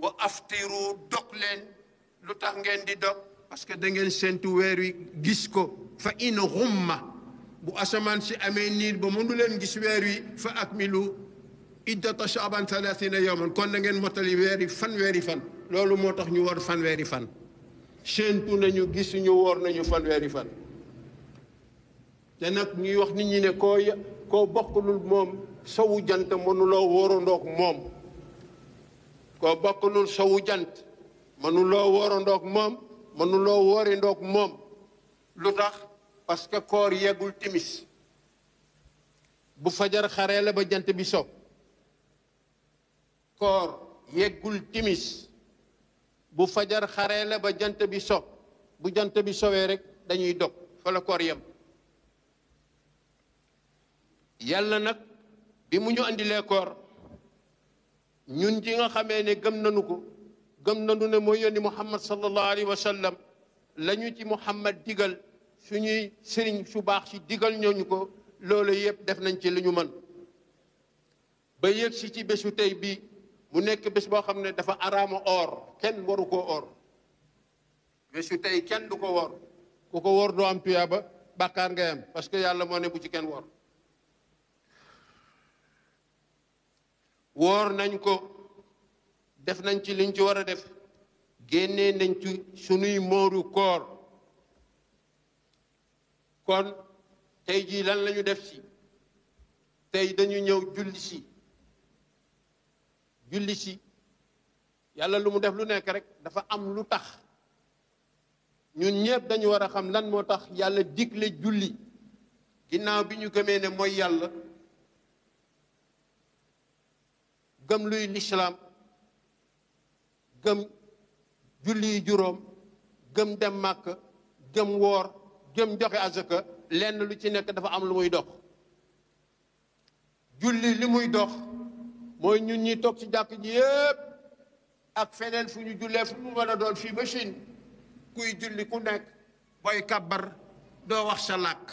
wa aftiru dog leen lu tax ngeen di dog parce que da ngeen sentu weer wi gis ko fa in xumma bu asaman si amee bu ba mënu leen gis weer wi fa akmilu iddata shaaban thalathina yawman kon da ngeen motali weer fan weeri fan lolu moo ñu war fan weeri fan sentu nañu gisuñu woor nañu fan weeri fan te nag ñuy wax nit ñi ne koo ya, koo bokkulul mom, sowu jant mënuloo wóorandoo bokkulul jant mënuloo woorandoog moom mënuloo woorindoog moom mom tax parce que koor yegul timis bu fajar xaree la ba jant bi so koor yeggul timis bu fajar xaree la ba jant bi so bu jant bi rek dañuy fa la koor yem yalla nak bi mu ñu andilee koor ñun ci nga ne gëm ko gëm nañu ne mooy yónni muhammad sallallahu alayhi wa sallam ci muhammad digal suñuy sëriñ su baax si digal ñooñu ko loolu yëpp def nañ ci li ñu mën ba yëg si ci bésu tey bii mu nekk bés boo xam ne dafa araama or kenn waru koo or bésu tey kenn du ko wor ku ko wor doo am tuyaaba bàkkaar ngay am parce que yàlla moo ne bu ci kenn wor woor nañ ko def nañ ci liñ ci war a def génnee nañ ci sunuy mooru koor kon tey jii lan lañu def si tey dañu ñëw julli si julli si yàlla lu mu def lu nekk rek dafa am lu tax ñu ñëpp dañu war a xam lan moo tax yàlla digle julli ginnaaw bi ñu gëmee ne mooy yàlla gëm luy lislaam gëm julli juróom gëm dem màkk gëm woor gëm joxe azaka lenn lu ci nekk dafa am lu muy dox julli li muy dox mooy ñu ñi toog ci jàkk ji yépp ak feneen fu ñu jullee fu mu mën a doon fii ba Chine kuy julli ku nekk booy kàbbar doo wax sa làkk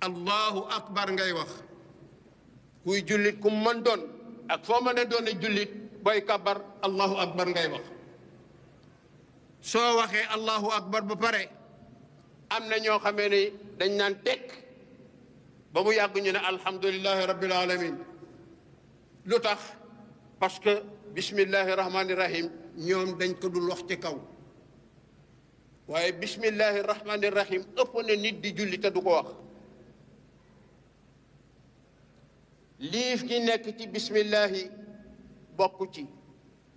allahu akbar ngay wax kuy jullit ku mën doon ak foo mën a julli booy kabar allahu akbar ngay wax so waxe allahu akbar ba pare amna ño xamé ni dañ nan tek ba mu yag ñu ne alhamdullilah rabbil alamin lutax parce que bismillahi rahmani rahim ñom dañ ko dul wax ci kaw waye bismillahi rahmani rahim ëpp na nit di julli te du ko wax liif gi nekk ci bismillahi bokk ci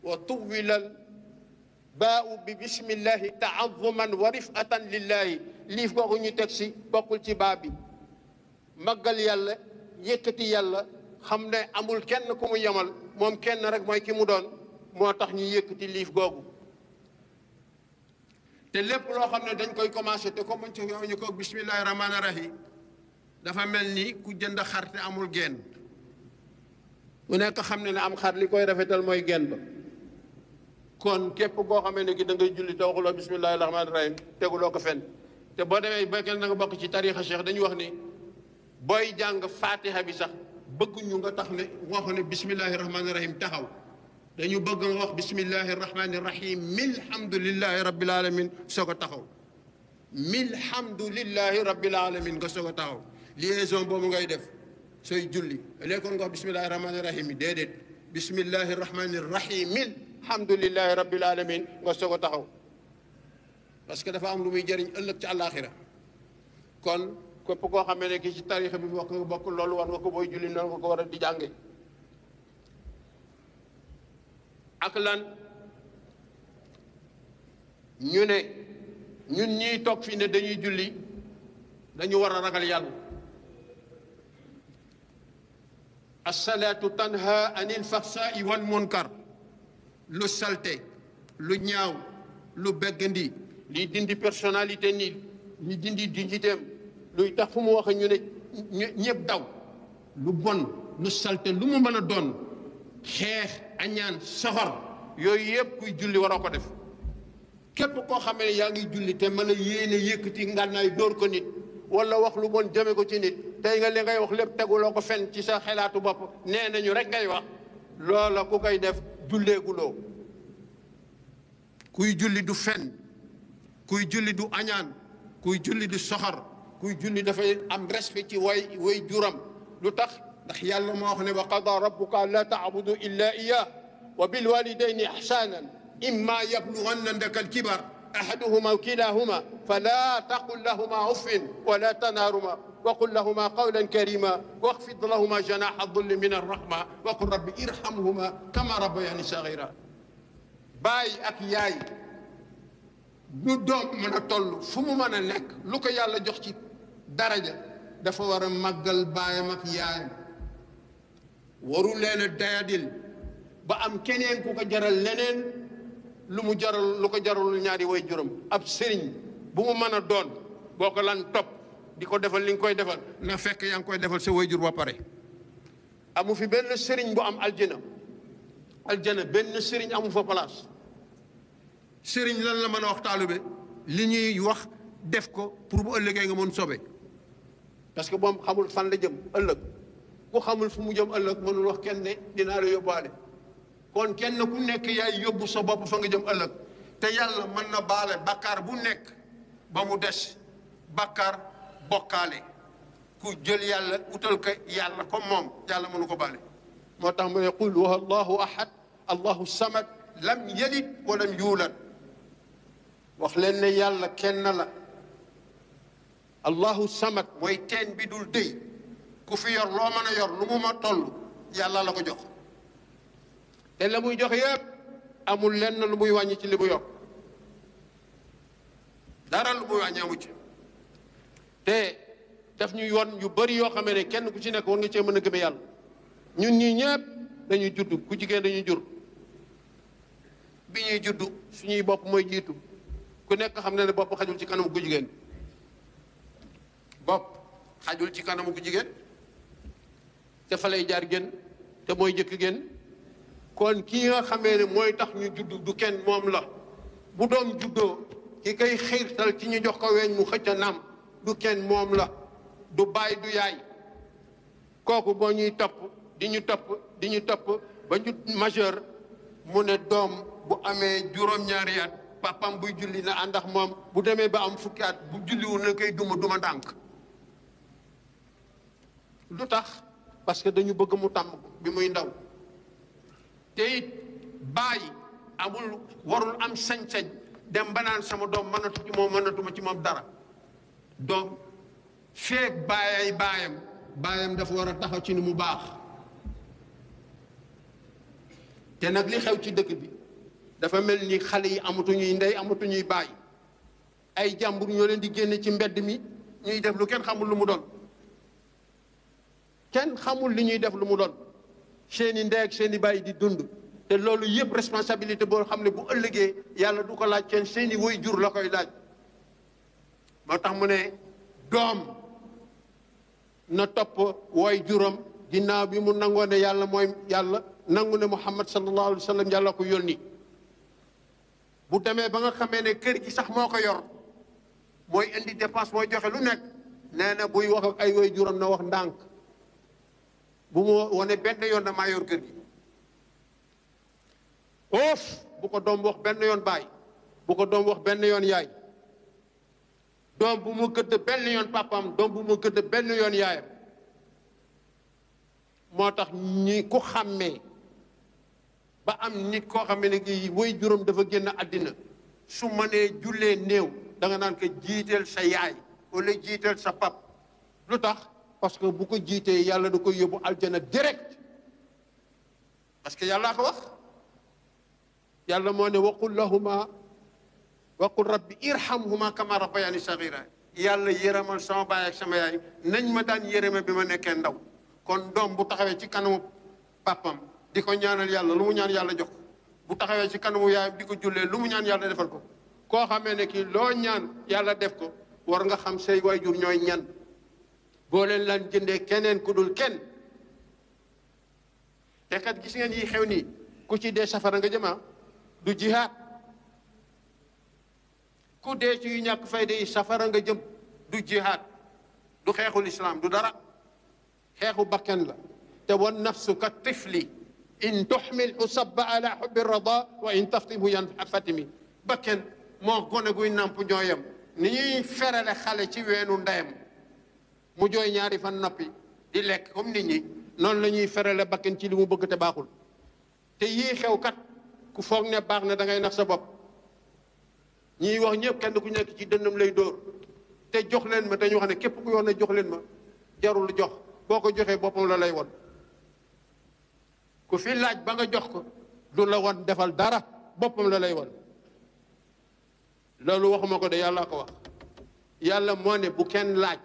wa tuwilal baaw bi bismillahi taazuman wa rifatan lillahi liif googu ñu teg si bokkul ci baa bi màggal yàlla yëkkati yàlla xam ne amul kenn ku mu yemal moom kenn rek mooy ki mu doon moo tax ñu yëkkati liif googu te lépp loo xam ne dañ koy commencé te ko muñ ci ñu ko bismillahi rahmaani rahim dafa mel ni ku jënd xar te amul genn mu nekk xam ne ne am xar li koy rafetal mooy genn ba kon képp koo xamee ne ki da ngay julli te waxuloo bismillahi rahmaani rahim teguloo ko fenn te boo demee béykat da nga bokk ci tarixa cheikh dañuy wax ni booy jàng fatiha bi sax bëgguñu nga tax ne wax ne bismillahi rahmaani rahim taxaw dañu bëgg nga wax bismillahi rahmaani rahim milhamdulillahi rabbil alamin soo ko taxaw milhamdulillahi rabbil alamin nga soo ko taxaw liaison boobu ngay def Soy julli léegi kon nga wax bismillahi rahmani rahim déedéet bismillahi rahmani rahim alhamdulillahi rabbil alamin nga soog a taxaw parce que dafa am lu muy jëriñ ci kon képp koo xamee ne ki ci tarixa bi wax nga bokk loolu war nga ko booy julli noonu nga ko war di jànge ak lan ñu ne ñun ñiy toog fii ne dañuy julli dañu ragal as-salatu tanha anil fahsa'i Iwan munkar le salte le ñaaw le beggandi liy dindi personnalité ni li dindi dignitéem luy tax fu mu waxe daw lu bon le salte le mu mën a doon xeex añaan soxor yooyu yëpp kuy julli waroo ko def képp koo xamee ne yaa ngi julli te mën a yéene ko nit ولا وخل بون جامي كو سي نيت تاي غا لي غاي وخ ليب تيغو لوكو فين سي سا خيلاتو بوب نينا نيو ريك غاي وخ لولا كو كاي ديف جولي غولو كوي جولي دو فين كوي جولي دو انيان كوي جولي دو سخر كوي جولي دا فاي ام ريسبي تي واي واي جورام لوتاخ داخ يالا ما وخني وقضى ربك لا تعبدوا الا اياه وبالوالدين احسانا اما يبلغن عندك الكبر أحدهما وكلاهما فلا تقل لهما أف ولا تنهرما وقل لهما قولا كريما واخفض لهما جناح الظل من الرحمة وقل رب ارحمهما كما ربياني صغيرا باي أك ياي du doom mën a toll fu mu mën a nekk lu ko yàlla jox ci daraja dafa war a màggal baayam ak yaayam waru leen a dayadil ba am keneen ku ko jaral leneen lu mu jaral lu ko jaralul ñaari way juróom ab sëriñ bu mu mën a doon boo ko lan topp di ko defal li nga koy defal na fekk yaa ngi koy defal sa way jur ba pare amu fi benn sëriñ bu am aljana aljana benn sëriñ amu fa place sëriñ lan la mën a wax taalibe li ñuy wax def ko pour bu ëllëgee nga mën sobe parce que moom xamul fan la jëm ëllëg ku xamul fu mu jëm ëllëg mënul wax kenn dinaa la yóbbaale kon kenn ku nekk yaay yóbbu sa bopp fa nga jëm ëllëg te yàlla mën na baale bakkaar bu nekk ba mu des bakkaar bokkaale ku jël yàlla utal ko yàlla comme moom yàlla mënu ko baale moo tax mu ne qul wa allahu ahad allahu samad lam yalid wa lam yuulad wax leen ne yàlla kenn la allahu samad mooy teen bi dul dëy ku fi yor loo mën a yor lu mu ma toll yàlla la ko jox te la muy joxe yëpp amul lenn lu muy wàññi ci li mu yokk dara lu muy wàññi amu ci te daf ñu yoon yu bari yoo xamee ne kenn ku ci nekk war nga cee mën a gëme yàlla ñun ñii ñëpp dañuy juddu ku jigéen dañuy jur bi ñuy juddu ñuy bopp mooy jiitu ku nekk xam na ne bopp xajul ci kanamu ku jigéen bopp xajul ci kanamu ku jigéen te fa lay jaar génn te mooy jëkk génn kon kii nga xamee ne mooy tax ñu judd du kenn moom la bu doom juddoo ki koy xiirtal ci ñu jox ko weñ mu xëcc a naam du kenn moom la du baay du yaay kooku boo ñuy topp di ñu topp di ñu topp ba ñu majeur mu ne doom bu amee juróom-ñaari at buy julli na àndax moom bu demee ba am fukki at bu julliwul na koy duma duma ndànk lu tax parce que dañu bëgg mu tàmm bi muy ndaw te it bàyyi amul warul am sañ-sañ dem ba naan sama doom mënatu mënatuma ci moom dara doom feeg bàyyay baayam baayam dafa war a taxaw ci ni mu baax te nag li xew ci dëkk bi dafa mel ni xale yi amatuñuy ndey amatuñuy baay ay jàmbur ñoo leen di génne ci mbedd mi ñuy def lu kenn xamul lu mu doon kenn xamul li ñuy def lu mu doon seen i ndey ak seen di dund te loolu yëpp responsabilité boo xam ne bu ëllëgee yàlla du ko laaj seen seen i woy jur la koy laaj moo tax mu ne doom na topp woy juram ginnaaw bi mu nangoo ne yàlla mooy yàlla nangu ne Muhammad sallallahu alayhi wa sallam yàlla ko yónni bu demee ba nga xamee ne kër gi sax moo ko yor mooy indi dépense mooy joxe lu nekk nee na buy wax ay woy juram na wax ndànk bu mu wane benn yoon na yor kër gi oof bu ko doom wax benn yoon baay bu ko doom wax benn yoon yaay doom bu mu gëdd benn yoon papaam doom bu mu gëdd benn yoon yaayam moo tax ñi ku xàmmee ba am nit koo xam ne gi woy juróom dafa génn àddina su mënee jullee néew danga nga naan ko jiiteel sa yaay wala jiiteel sa pap lu tax parce que bu ko jiitee yàlla da koy yóbbu aljana direct parce que yàlla ko wax yàlla moo ne waqul lahuma waqul rabbi irhamhuma kama rabbayani sagira yàlla yërëmal sama baay ak sama yaay nañ ma daan yërëme bi ma nekkee ndaw kon doom bu taxawee ci kanamu pàppam di ko ñaanal yàlla lu mu ñaan yàlla jox bu taxawee ci kanamu yaayam di ko jullee lu mu ñaan yàlla defal ko koo xamee ne kii loo ñaan yàlla def ko war nga xam say waajur ñooy ña boole la jënde keneen ku dul kenn te kat gis ngeen yi xew ni ku ci de safara nga jëma du jihaat ku de ci yu ñàkk fayda yi safara nga jëm du jihaat du xeexu islaam du dara xeexu bakken la te wan nafsu ka tifli in tuxmilhu saba ala xubbi rada wa in taftimhu yan fatimi bakken moo gone guy nàmp ñooyam ni ñuy ferale xale ci weenu ndeyam mu jooy ñaari fan noppi di lekk comme nit ñi noonu la ñuy ferale bakken ci li mu bëgg te baaxul te yii xew kat ku foog ne baax na dangay ndax sa bopp ñiy wax ñëpp kenn ku nekk ci dënnam lay dóor te jox leen ma dañu wax ne képp ku yoon ne jox leen ma jarul jox boo ko joxee boppam la lay won ku fi laaj ba nga jox ko du la won defal dara boppam la lay won loolu waxuma ko de yàlla ko wax yàlla moo ne bu kenn laaj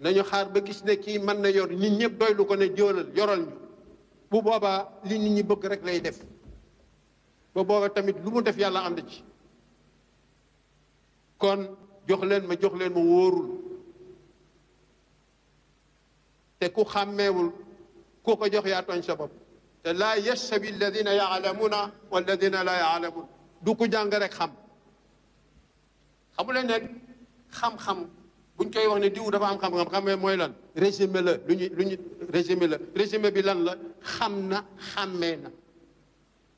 nañu xaar ba gis ne kii mën na yor nit ñëpp doylu ko ne jóolal yoral ñu bu boobaa li ñu ñi bëgg rek lay def ba booba tamit lu mu def yàlla ànd ci kon jox leen ma jox leen ma wóorul te ku xàmmeewul ku ko jox yaa tooñ sa bopp te laa yastawi alladina yaalamuuna walladina laa yaalamuun du ku jàng rek xam xamu leen nag xam-xam bu ñu koy wax ne diw dafa am xam-xam xam mooy lan résumé la lu ñu lu ñu résumé la résumé bi lan la xam na xàmmee na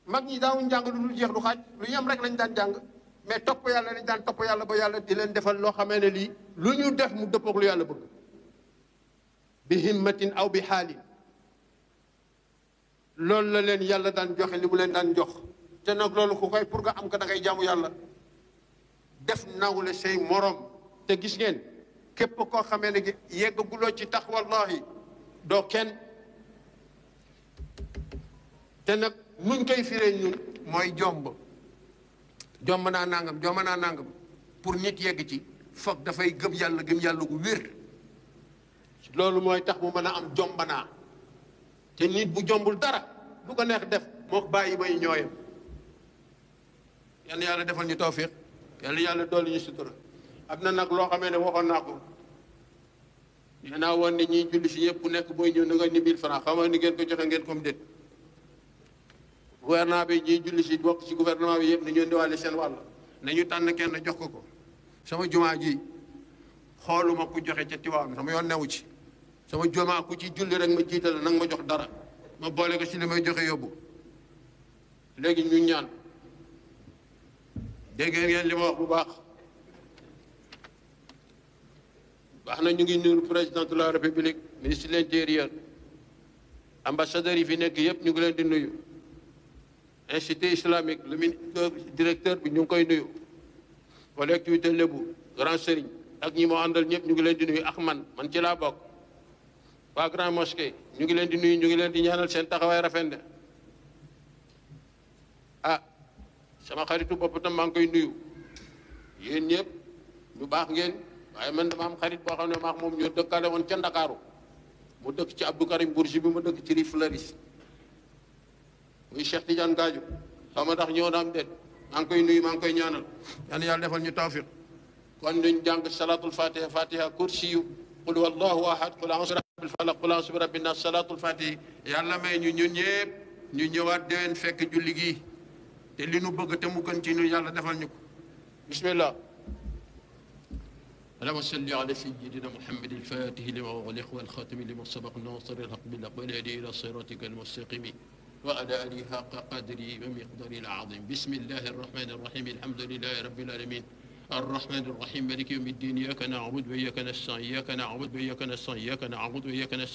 mag ñi daawuñ jàng lu jeex lu xaaj lu ñu yem rek lañ daan jàng mais topp yàlla lañ daan topp yàlla ba yàlla di leen defal loo xamee ne lii lu ñu def mu dëppoog lu yàlla bëgg bi himmatin aw bi xaalin loolu la leen yàlla daan joxe li mu leen daan jox te nag loolu ku koy pour nga am ko da jàmmu yàlla def nawle say morom te gis ngeen képp koo xamee ne yeggaguloo ci tax wallahi doo kenn te nag nuñ koy firee ñun mooy jomb jomb naa nangam jomb naa nangam pour nit yegg ci foog dafay gëm yàlla gëm yàlla gu wér loolu mooy tax mu mën a am jomb te nit bu jombul dara du ko neex def moo bàyyi may ñooyam yal yàlla defal ñu tawfiq yal na yàlla dool ñu sutura am na nag loo xamee ne waxoon naa ko nee naa woon ne ñiy julli si yëpp bu nekk booy ñëw na nga ni mille francs xam nga ni ngeen ko joxe ngeen ko mu déet gouvernement bi ñiy julli si bokk ci gouvernement bi yëpp nañu indiwaale seen wàll nañu tànn kenn jox ko ko sama jumaa ji xooluma ku joxe ca Tiwaawan sama ci sama jumaa ku ci julli rek ma jiital nag ma jox dara ma boole ko si li may joxe yóbbu léegi ñu ñaan dégg li ma wax bu baax wax na ñu ngi nuyu président de la république ministre de l'intérieur ambassadeur yi fi nekk yépp ñu ngi leen di nuyu institut islamique le directeur bi ñu ngi koy nuyu collectivité lébu grand serigne ak ñi moo àndal ñëpp ñu ngi leen di nuyu ak man man ci laa bokk waa grand mosquée ñu ngi leen di nuyu ñu ngi leen di ñaanal seen taxawaay rafet ah sama xaritu bopp tam maa ngi koy nuyu yéen ñëpp ñu baax ngeen waaye man dama am xarit boo xam ne maak moom ñoo dëkkaale woon ca Ndakaaru mu dëkk ci Abdou Karim Bourgi bi mu dëkk ci Rue Fleuris muy Cheikh Tidiane Gadio xaw ma ndax ñëw na am déet maa ngi koy nuyu maa ngi koy ñaanal yàlla yàlla defal ñu tawfiq kon ñu jàng salatul fatiha fatiha qul wallahu ahad qul a'udhu falaq qul a'udhu nas salatul fatiha yàlla may ñu ñun ñëpp ñu ñëwaat déwén fekk julli gi te li nu bëgg te mu gën ci ñu yàlla defal ñu ko bismillah اللهم صل على سيدنا محمد الفاتح لما أغلق والخاتم لما سبق الناصر الحق بالاقبال والهدي إلى صراطك المستقيم وعلى آله حق قدري ومقداري العظيم بسم الله الرحمن الرحيم الحمد لله رب العالمين الرحمن الرحيم مالك يوم الدين إياك نعبد وإياك نستعين إياك نعبد وإياك نستعين إياك نعبد وإياك نستعين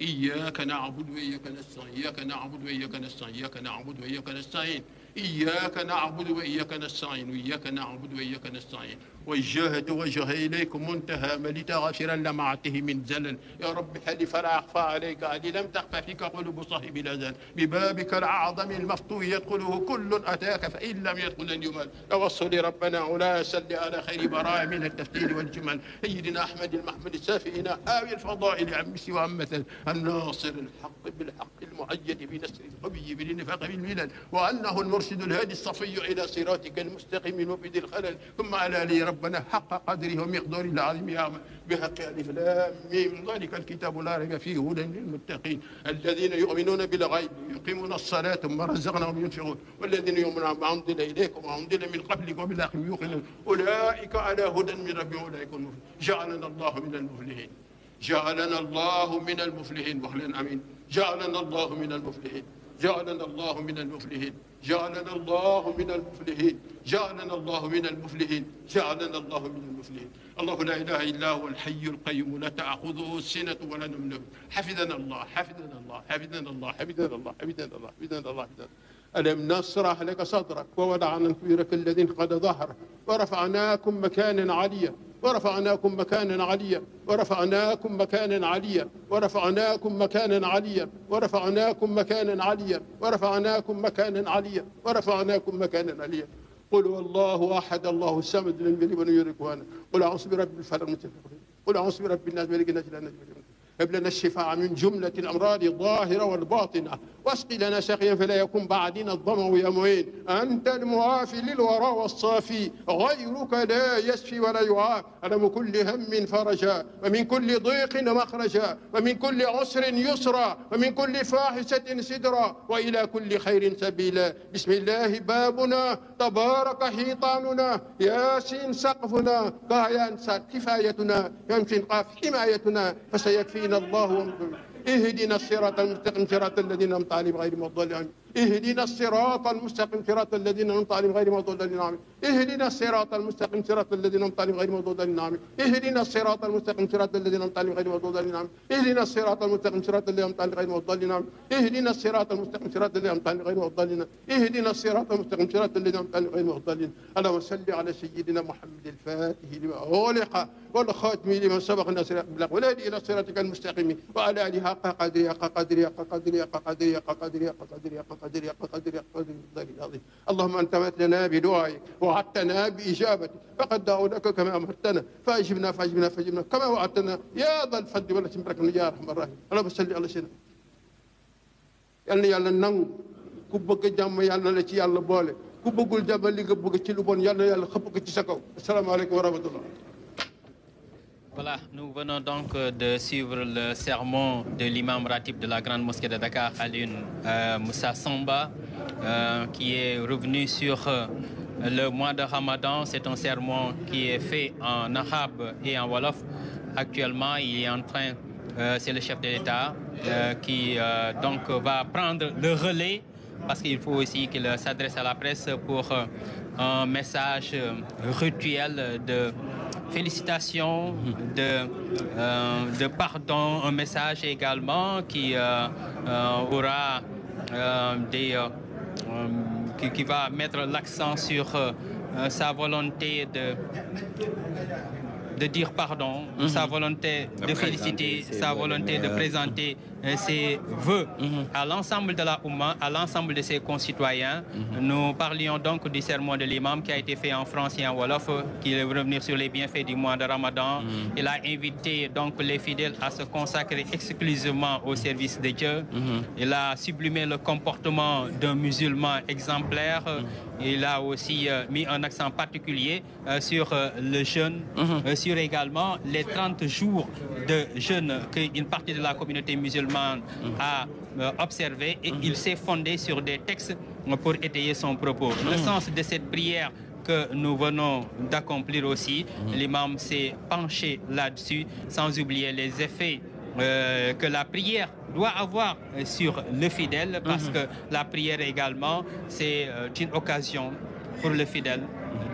إياك نعبد وإياك نستعين إياك نعبد وإياك نستعين إياك نعبد وإياك نستعين إياك نعبد وإياك نستعين إياك نعبد وإياك نستعين إياك نعبد وإياك نستعين والجهد وجه إليك منتهى مليت غافرا لما أعطيه من زلل يا رب حلي فلا أخفى عليك علي لم تخفى فيك قلوب صاحب الأزل ببابك الأعظم المفتوح يدخله كل أتاك فإن لم يدخل اليمن توصلي ربنا ولا سل على خير براء من التفتيل والجمل سيدنا أحمد المحمد السافئنا آوي الفضائل عم سوى مثل الناصر الحق بالحق المؤيد بنسر الحبي بالنفاق بالملل وأنه المرشد الهادي الصفي إلى صراطك المستقيم وبذي الخلل ثم على لي ربنا حق قدره ومقداره العظيم يا بحق ألف لام ميم ذلك الكتاب لا ريب فيه هدى للمتقين الذين يؤمنون بالغيب يقيمون الصلاة ثم رزقناهم ينفقون والذين يؤمنون بما أنزل إليكم وما أنزل من قبلكم بالآخر يوقنون أولئك على هدى من ربي أولئك المفلحون جعلنا الله من المفلحين جعلنا الله من المفلحين وخلينا امين جعلنا الله من المفلحين جعلنا الله من المفلحين جعلنا الله من المفلحين جعلنا الله من المفلحين جعلنا الله من المفلحين الله لا اله الا هو الحي القيوم لا تاخذه سنه ولا نوم حفظنا الله حفظنا الله حفظنا الله حفظنا الله حفظنا الله حفظنا الله حفظنا الله. ألم نشرح لك صدرك ووضعنا كبيرك الذي قد ظهر ورفعناكم مكانا عليا ورفعناكم مكانا عليا ورفعناكم مكانا عليا ورفعناكم مكانا عليا ورفعناكم مكانا عليا ورفعناكم مكانا عليا ورفعناكم مكانا عليا قل والله احد الله الصمد لم يلد ولم يولد قل اعوذ برب الفلق من شر قل اعوذ برب الناس ملك الناس لا نجم هب لنا الشفاء من جملة الأمراض الظاهرة والباطنة واسقي لنا سقيا فلا يكون بعدنا الظمأ يموين أنت المعافي للوراء والصافي غيرك لا يشفي ولا يعاف ألم كل هم فرجا ومن كل ضيق مخرجا ومن كل عسر يسرا ومن كل فاحشة سدرا وإلى كل خير سبيلا بسم الله بابنا تبارك حيطاننا ياسين سقفنا كهيان كفايتنا يمشي قاف حمايتنا فسيكفينا يهدينا الله اهدنا الصراط المستقيم صراط الذين انعمت عليهم غير المغضوب عليهم اهدنا الصراط المستقيم صراط الذين انعمت عليهم غير المغضوب عليهم اهدنا الصراط المستقيم صراط الذين انعمت عليهم غير المغضوب عليهم اهدنا الصراط المستقيم صراط الذين انعمت عليهم غير المغضوب عليهم اهدنا الصراط المستقيم صراط الذين انعمت عليهم غير المغضوب عليهم اهدنا الصراط المستقيم صراط الذين انعمت عليهم غير المغضوب عليهم اهدنا الصراط المستقيم صراط الذين انعمت عليهم غير المغضوب عليهم اللهم صل على سيدنا محمد الفاتح لما أغلق والخاتم لمن سبق الناصر بالحق ولا إلى صراطك المستقيم وعلى آله حق قدر حق قدر حق قدر حق قدر حق قدر حق قدر حق قدر حق قدر حق قدر العظيم اللهم أنت مثلنا بدعائك Voilà, nous venons donc de suivre le sermon de l'imam Ratib de la Grande Mosquée de Dakar, Alun euh, Moussa Samba, euh, qui est revenu sur euh, le mois de Ramadan, c'est un serment qui est fait en arabe et en wolof. Actuellement, il est en train, euh, c'est le chef de l'État euh, qui euh, donc va prendre le relais parce qu'il faut aussi qu'il s'adresse à la presse pour un message rituel de félicitations, de, de pardon, un message également qui aura des qui, va mettre l'accent sur euh, euh, sa volonté de de dire pardon, mhm. sa volonté de, féliciter, sa volonté de euh. présenter euh, ses voeux mhm. à l'ensemble de la Oumma, à l'ensemble de ses concitoyens. Mhm. Nous parlions donc du serment de l'imam qui a été fait en France et en Wolof, qui est revenu sur les bienfaits du mois de Ramadan. Il a invité donc les fidèles à se consacrer exclusivement au service de Dieu. Il a sublimé le comportement d'un musulman exemplaire. Il a aussi euh, mis un accent particulier sur le jeûne, sur également les 30 jours de jeûne qu'une partie de la communauté musulmane mhm. a euh, observé et mhm. il s'est fondé sur des textes pour étayer son propos. Le mhm. sens de cette prière que nous venons d'accomplir aussi, l'imam s'est penché là-dessus, sans oublier les effets euh, que la prière doit avoir sur le fidèle, parce que la prière également, c'est euh, une occasion pour le fidèle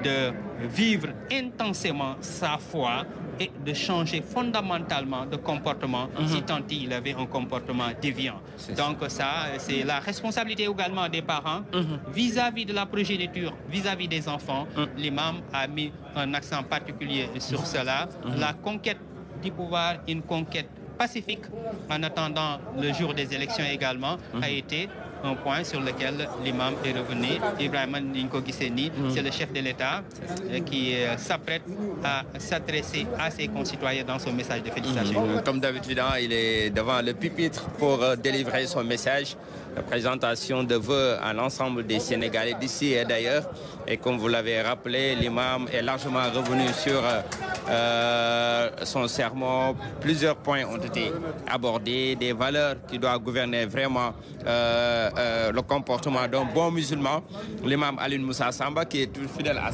de vivre intensément sa foi et de changer fondamentalement de comportement mhm. si tant il avait un comportement déviant. Donc ça, c'est la responsabilité également des parents mhm. vis-à-vis de la progéniture, vis-à-vis des enfants. Mhm. L'imam a mis un accent particulier sur cela. La conquête du pouvoir, une conquête pacifique en attendant le jour des élections également, a été un point sur lequel l'imam est revenu. Ibrahim Ninko mm. c'est le chef de l'État euh, qui euh, s'apprête à s'adresser à ses concitoyens dans son message de mm. félicitations. Euh, comme d'habitude, il est devant le pupitre pour délivrer son message la présentation de vœux à l'ensemble des Sénégalais d'ici et d'ailleurs. Et comme vous l'avez rappelé, l'imam est largement revenu sur euh, euh, son serment. Plusieurs points ont été abordés, des valeurs qui doivent gouverner vraiment euh, le comportement d'un bon musulman. L'imam Alun Moussa Samba, qui est tout fidèle à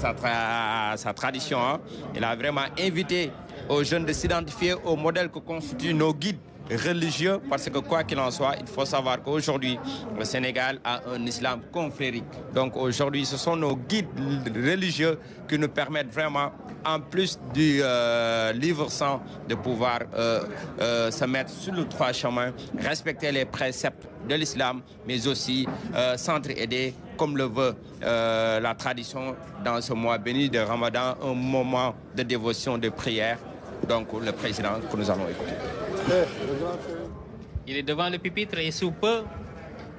sa, tradition, hein, il a vraiment invité aux jeunes de s'identifier au modèle que constituent nos guides religieux, parce que quoi qu'il en soit, il faut savoir qu'aujourd'hui, le Sénégal a un islam confrérique. Donc aujourd'hui, ce sont nos guides religieux qui nous permettent vraiment, en plus du euh, livre sang, de pouvoir euh, euh, se mettre sur le trois chemins, respecter les préceptes de l'islam, mais aussi s'entraider comme le veut la tradition dans ce mois béni de Ramadan, un moment de dévotion, de prière. Donc le président que nous allons écouter. Il est devant le pupitre et sous peu,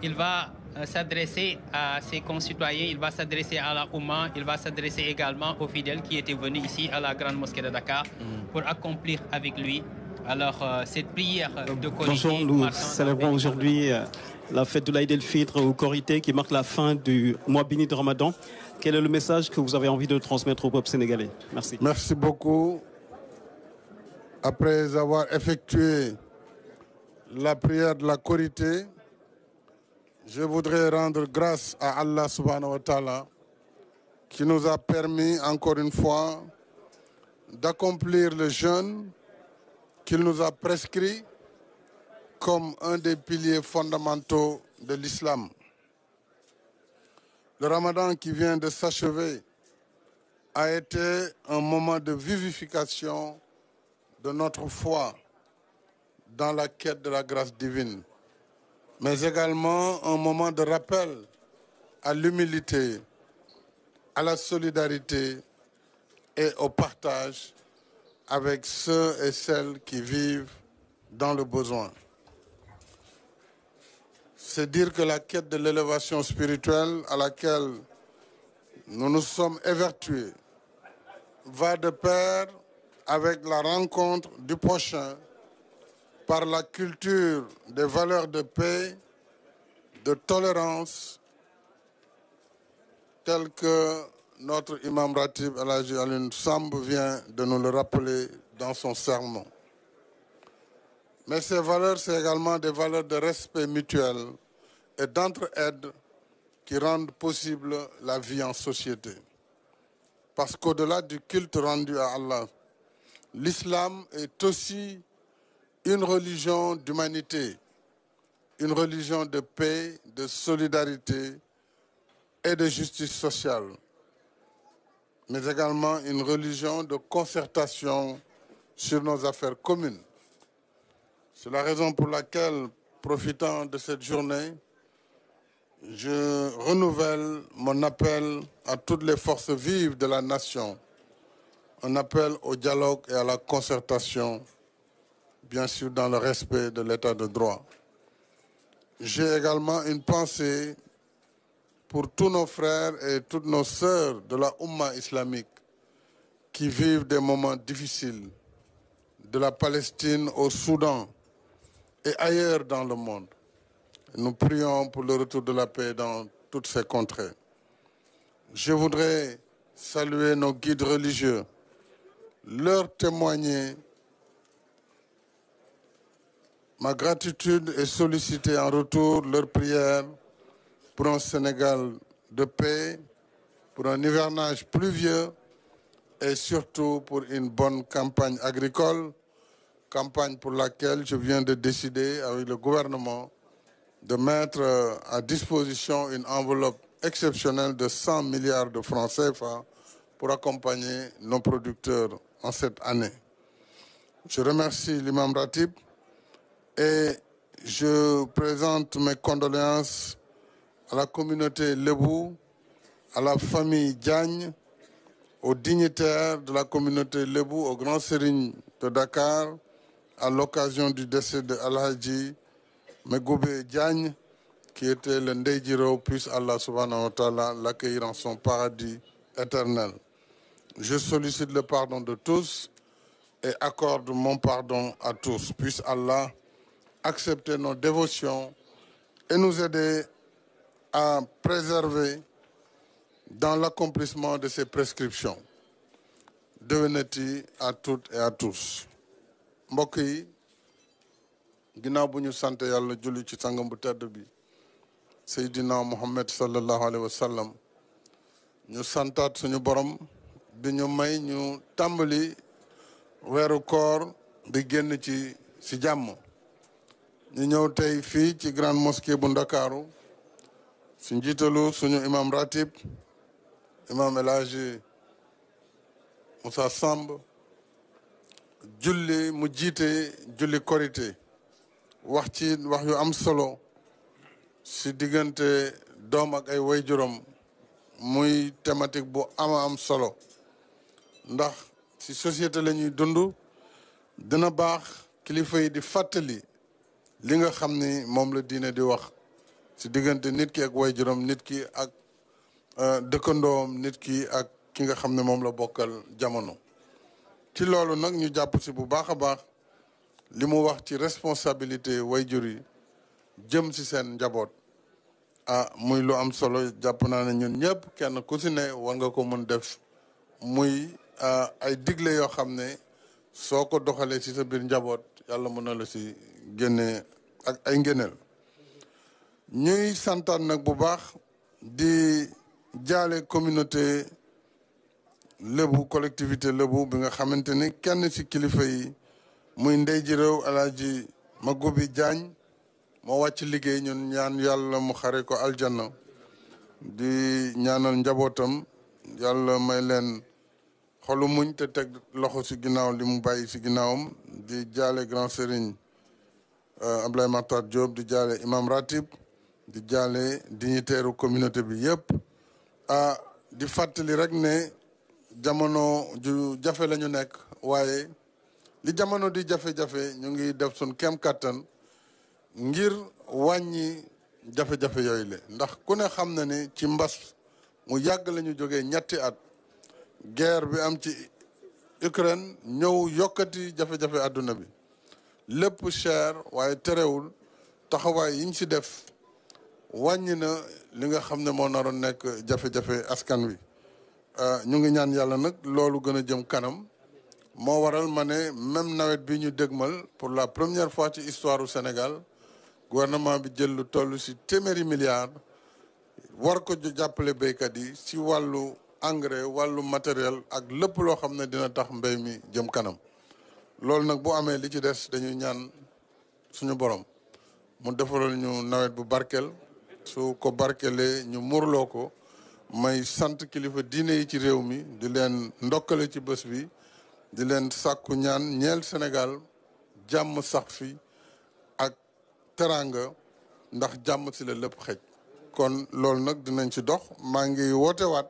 il va euh, s'adresser à ses concitoyens, il va s'adresser à la Ouma, il va s'adresser également aux fidèles qui étaient venus ici à la Grande Mosquée de Dakar mm. pour accomplir avec lui alors euh, cette prière de Corité. Bonjour, nous célébrons aujourd'hui euh, la fête de l'Aïd el-Fitr au Corité qui marque la fin du mois béni de Ramadan. Quel est le message que vous avez envie de transmettre au peuple sénégalais Merci. Merci beaucoup après avoir effectué la prière de la Corité, je voudrais rendre grâce à Allah subhanahu wa ta'ala qui nous a permis encore une fois d'accomplir le jeûne qu'il nous a prescrit comme un des piliers fondamentaux de l'islam. Le ramadan qui vient de s'achever a été un moment de vivification de notre foi dans la quête de la grâce divine, mais également un moment de rappel à l'humilité, à la solidarité et au partage avec ceux et celles qui vivent dans le besoin. C'est dire que la quête de l'élévation spirituelle à laquelle nous nous sommes évertués va de pair avec la rencontre du prochain par la culture des valeurs de paix, de tolérance, telles que notre imam Ratib Alaji Alun Samb vient de nous le rappeler dans son sermon. Mais ces valeurs, c'est également des valeurs de respect mutuel et d'entraide qui rendent possible la vie en société. Parce qu'au-delà du culte rendu à Allah, l'islam est aussi une religion d'humanité, une religion de paix, de solidarité et de justice sociale, mais également une religion de concertation sur nos affaires communes. C'est la raison pour laquelle, profitant de cette journée, je renouvelle mon appel à toutes les forces vives de la nation un appel au dialogue et à la concertation, bien sûr dans le respect de l'état de droit. J'ai également une pensée pour tous nos frères et toutes nos sœurs de la Oumma islamique qui vivent des moments difficiles, de la Palestine au Soudan et ailleurs dans le monde. Nous prions pour le retour de la paix dans toutes ces contrées. Je voudrais saluer nos guides religieux, leur témoigner ma gratitude et solliciter en retour leur prière pour un Sénégal de paix, pour un hivernage pluvieux et surtout pour une bonne campagne agricole, campagne pour laquelle je viens de décider avec le gouvernement de mettre euh, à disposition une enveloppe exceptionnelle de 100 milliards de francs CFA pour accompagner nos producteurs en cette année. Je remercie l'imam Ratib et je présente mes condoléances à la communauté Lebou, à la famille Diagne, aux dignitaires de la communauté Lebou, aux grands Sérigne de Dakar, à l'occasion du décès de Al-Haji Megoube Diagne, qui était le Ndejiro, puis Allah subhanahu wa ta'ala l'accueillir en son paradis éternel. Je sollicite le pardon de tous et accorde mon pardon à tous. Puisse Allah accepter nos dévotions et nous aider à préserver dans l'accomplissement de ses prescriptions. Devenez-y à toutes et à tous. mbokk Guinabou, nous bu ñu sant ci muhammad sallallahu alayhi wasallam. sallam santa santaat suñu di ñu may ñu tàmbali weeru koor di génn ci ci jàmm ñu ñëw tey fii ci grande mosquée bu ndakaaru si njiitalu suñu imam ratib imam El Hadji Moussa Samb julli mu jiite julli korité wax ci wax yu am solo si diggante doom ak ay way juróom muy thématique bu ama am solo ndax ci société lañuy ñuy dund dina baax kilifa yi di fàttali li nga xam ni moom la diine di wax ci diggante nit ki ak waajuram nit ki ak euh, dëkkandoom nit ki ak ki nga xam ne moom la bokkal jamono. ci loolu nag ñu jàpp si bu baax a baax li mu wax ci responsabilité waajur yi jëm si seen njaboot. a muy lu am solo jàpp naa ne ñun ñëpp kenn ku ci ne war nga ko mën def muy Euh, ay digle yoo xam ne soo ko doxalee ci sa biir njaboot yàlla mën na la ci génne ak ay ngéneel ñuy santaan nag bu baax di jaale communauté lébu collectivité lébu bi nga xamante ni kenn ci kilifa yi muy ndey ji réew alaaji Magobi Diagne moo wàcc liggéey ñun ñaan yàlla mu xare ko aljanna di ñaanal njabootam yàlla may leen xolu muñ te teg loxo si ginnaaw li mu bàyyi si ginnaawam di jaale grand serigne euh, Abdoulaye Makhtar Diop di jaale imam ratib di jaale dignitaire communauté bi yëpp ah di fàttali rek ne jamono jafe lañu nekk waaye li jamono di jafe-jafe ñu ngi def son kem kattan ngir wàññi jafe-jafe yooyu le ndax ku ne xam na ne ci mbas mu yàgg la ñu jógee ñetti at guerre bi am ci Ukraine ñëw yokkati jafe-jafe àdduna bi lépp cher waaye terewul taxawaay yiñ ci def wàññi na li nga xam ne moo naroon nekk jafe-jafe askan wi euh, ñu ngi ñaan yàlla nag loolu gën a jëm kanam moo waral ma ne même nawet bi ñu dégmal pour la première fois ci histoire du Sénégal gouvernement bi jël lu toll ci téeméeri milliards war ko jàppale béykat yi ci wàllu engrais wàllu matériel ak lépp loo xam ne dina tax mbéy mi jëm kanam loolu nag bu amee li ci des dañuy ñaan suñu borom mu defaral ñu nawet bu barkeel su ko barkelee ñu murloo ko may sant kilifa diine yi ci réew mi di leen ndokkale ci bés bi di leen sakku ñaan ñeel Sénégal jàmm sax fi ak teraanga ndax jàmm si la lépp xej kon loolu nag dinañ ci dox maa ngi wootewaat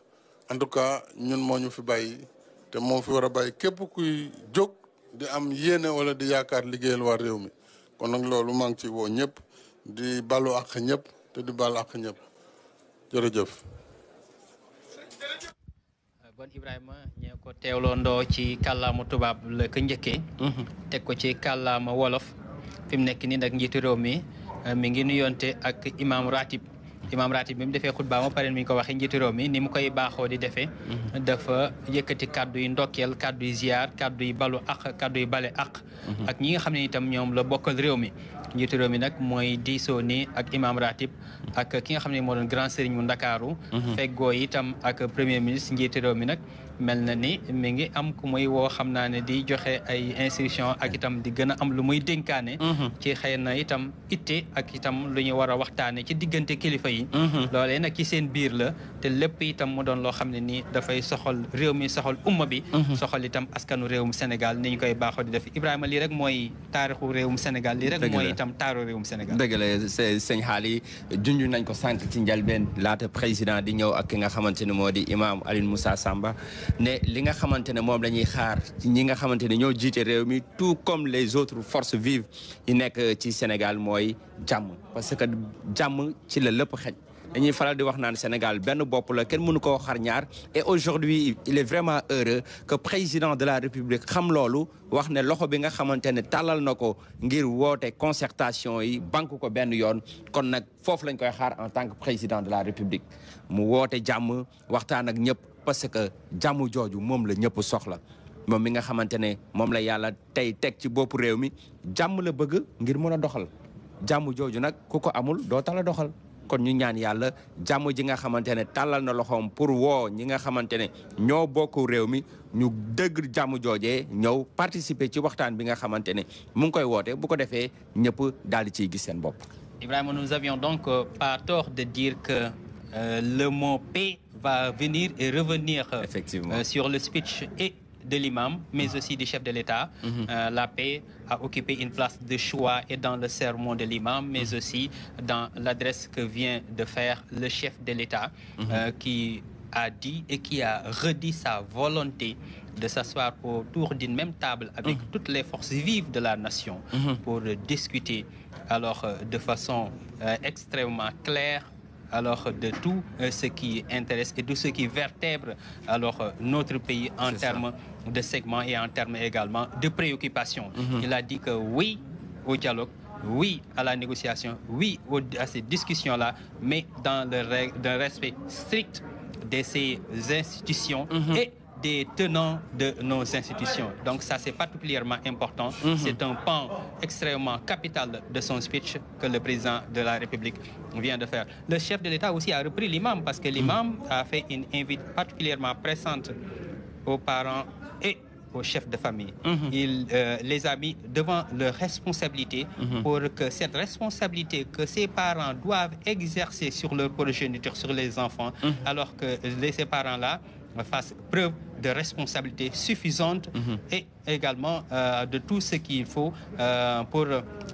en tout cas ñun moo ñu fi bàyyi te moo fi wara a bàyyi képp kuy jog di am yéene wala di yaakaar liggéeyal waa réew mi kon nag loolu maa ngi ci woo ñëpp di balu ak ñëpp te di balu ak ñëpp jërëjëf bon Ibrahima ñee ko teewloo ndoo ci kàllaama tubaab la ko njëkkee mhm. teg ko ci kàllaama wolof fi mu nekk nii nag réew mi mi ngi nuyoonte ak imaam ratib imaam ratib bi mu defee xutbaa ma pare mi ñu ko waxee njiitu réew mi ni mu koy baaxoo di defee mhm. dafa yëkkati kàddu yi ndokkeel kàddu ziyaar kàddu balu ak kàddu bale ak mhm. ak ñi nga xam ne itam ñoom la bokkal réew mi njiitu réew mi nag mooy diisoo ni ak imaam ratib ak ki nga xam ne moo doon grand sëriñ mu ndakaaru mhm. feggoo itam ak premier ministre njiitu réew mi nag mel na ni mi ngi am ku muy woo xam naa ne di joxe ay instruction ak itam di gën a am lu muy dénkaane mhm. ci xëy na itam itte ak itam lu ñu war a waxtaane ci diggante kilifa yi mhm. loolee na ki seen biir la te lépp itam mu doon loo xam ne nii dafay soxal réew mi soxal umma bi mhm. soxal itam askanu réewum Sénégal ni koy baaxoo di def Ibrahima lii rek mooy taarixu réewum Sénégal lii rek mooy itam taaru réewum Sénégal dëgg la sëñ xaali nañ ko sànq ci njalbeen laata président di ñëw ak ki nga xamante ni moo di imaam Alioune Moussa Samba ne li nga xamantene mom lañuy xaar ci ñi nga xamantene ñoo jité réew mi tout comme les autres forces vives yi nek ci Sénégal moy jamm parce que jamm ci la lepp xej dañuy faral di wax naan Sénégal benn bopp la kenn mënu koo xar ñaar et aujourd'hui il est vraiment heureux que président de la République xam loolu wax ne loxo bi nga xamante ne tàllal na ko ngir woote concertation yi banque ko benn yoon kon nag foofu lañ koy xaar en tant que président de la République mu woote jàmm waxtaan ak ñëpp parce que jàmm jooju moom la ñëpp soxla moom mi nga xamante ne la yàlla tey teg ci bopp réew mi jàmm la bëgg ngir mën doxal jàmm jooju nag ku amul doo tala doxal kon ñu ñaan yàlla jàmm ji nga xamante ne na loxoom pour woo ñi nga xamante ñoo bokk réew mi ñu dëgg jàmm joojee ñëw participer ci waxtaan bi nga xamante mu ngi koy woote bu ko defee ñëpp daal di gis seen bopp Ibrahima nous avions donc euh, pas tort de dire que Euh, le mot paix va venir et revenir euh, euh, sur le speech et de l'imam, mais ah. aussi du chef de l'État. Mhm. la paix a occupé une place de choix et dans le sermon de l'imam, mais mhm. aussi dans l'adresse que vient de faire le chef de l'État, mhm. qui a dit et qui a redit sa volonté de s'asseoir autour d'une même table avec toutes les forces vives de la nation pour discuter alors de façon extrêmement claire, alors de tout euh, ce qui intéresse et de ce qui vertèbre alors euh, notre pays en termes de segments et en termes également de préoccupations. Mhm. Il a dit que oui au dialogue, oui à la négociation, oui à ces discussions-là, mais dans le, respect strict de ces institutions mhm. et des tenants de nos institutions. Donc ça, c'est particulièrement important. Mhm. C'est un pan extrêmement capital de son speech que le président de la République vient de faire. Le chef de l'État aussi a repris l'imam parce que l'imam mhm. a fait une invite particulièrement pressante aux parents et aux chefs de famille. Mhm. Il euh, les a mis devant leur responsabilité pour que cette responsabilité que ces parents doivent exercer sur leur progéniture, sur les enfants, alors que ces parents-là euh, fasse preuve de responsabilité suffisante mhm. et également euh, de tout ce qu'il faut euh, pour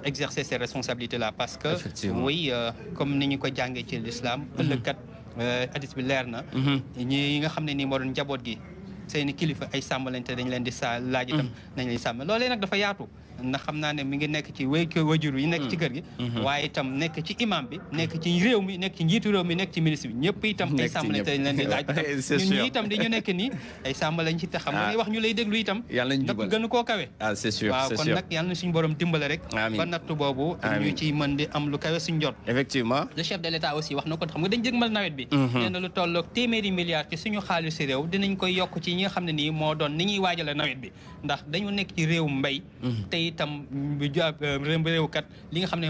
exercer ces responsabilités-là. Parce que, oui, comme nous avons dit l'islam, mhm. le cadre hadith bi leer na mhm. nga xam ne nii moo doon ay dañ di ndax xam naa ne mi ngi nekk ci wéy ko wajur yi nekk ci hmm. kër gi hmm. waaye itam nekk ci imam bi nekk ci nekk ci njiitu réew mi nekk ci ministre bi ñëpp itam ay sàmm lañ leen di laaj ñun ñi itam di ñu nekk lañ ci te xam nga ah. wax ñu lay déglu itam ndax gënu koo kawe ah c'est sûr waaw kon nag yàlla na suñu borom dimbale rek ba nattu boobu ci mën di am lu kawe suñ jot effectivement le chef de l'état aussi wax na ko xam nga dañ jëgmal nawet bi mhm. nee na lu tolloog téeméeri milliards ci suñu xaalisu réew dinañ koy yokk ci ñi nga xam ne nii moo doon ni ñuy waajale nawet bi ndax dañu nekk ci réew mbay mhm. tey itam euh, réew kat li nga xam ne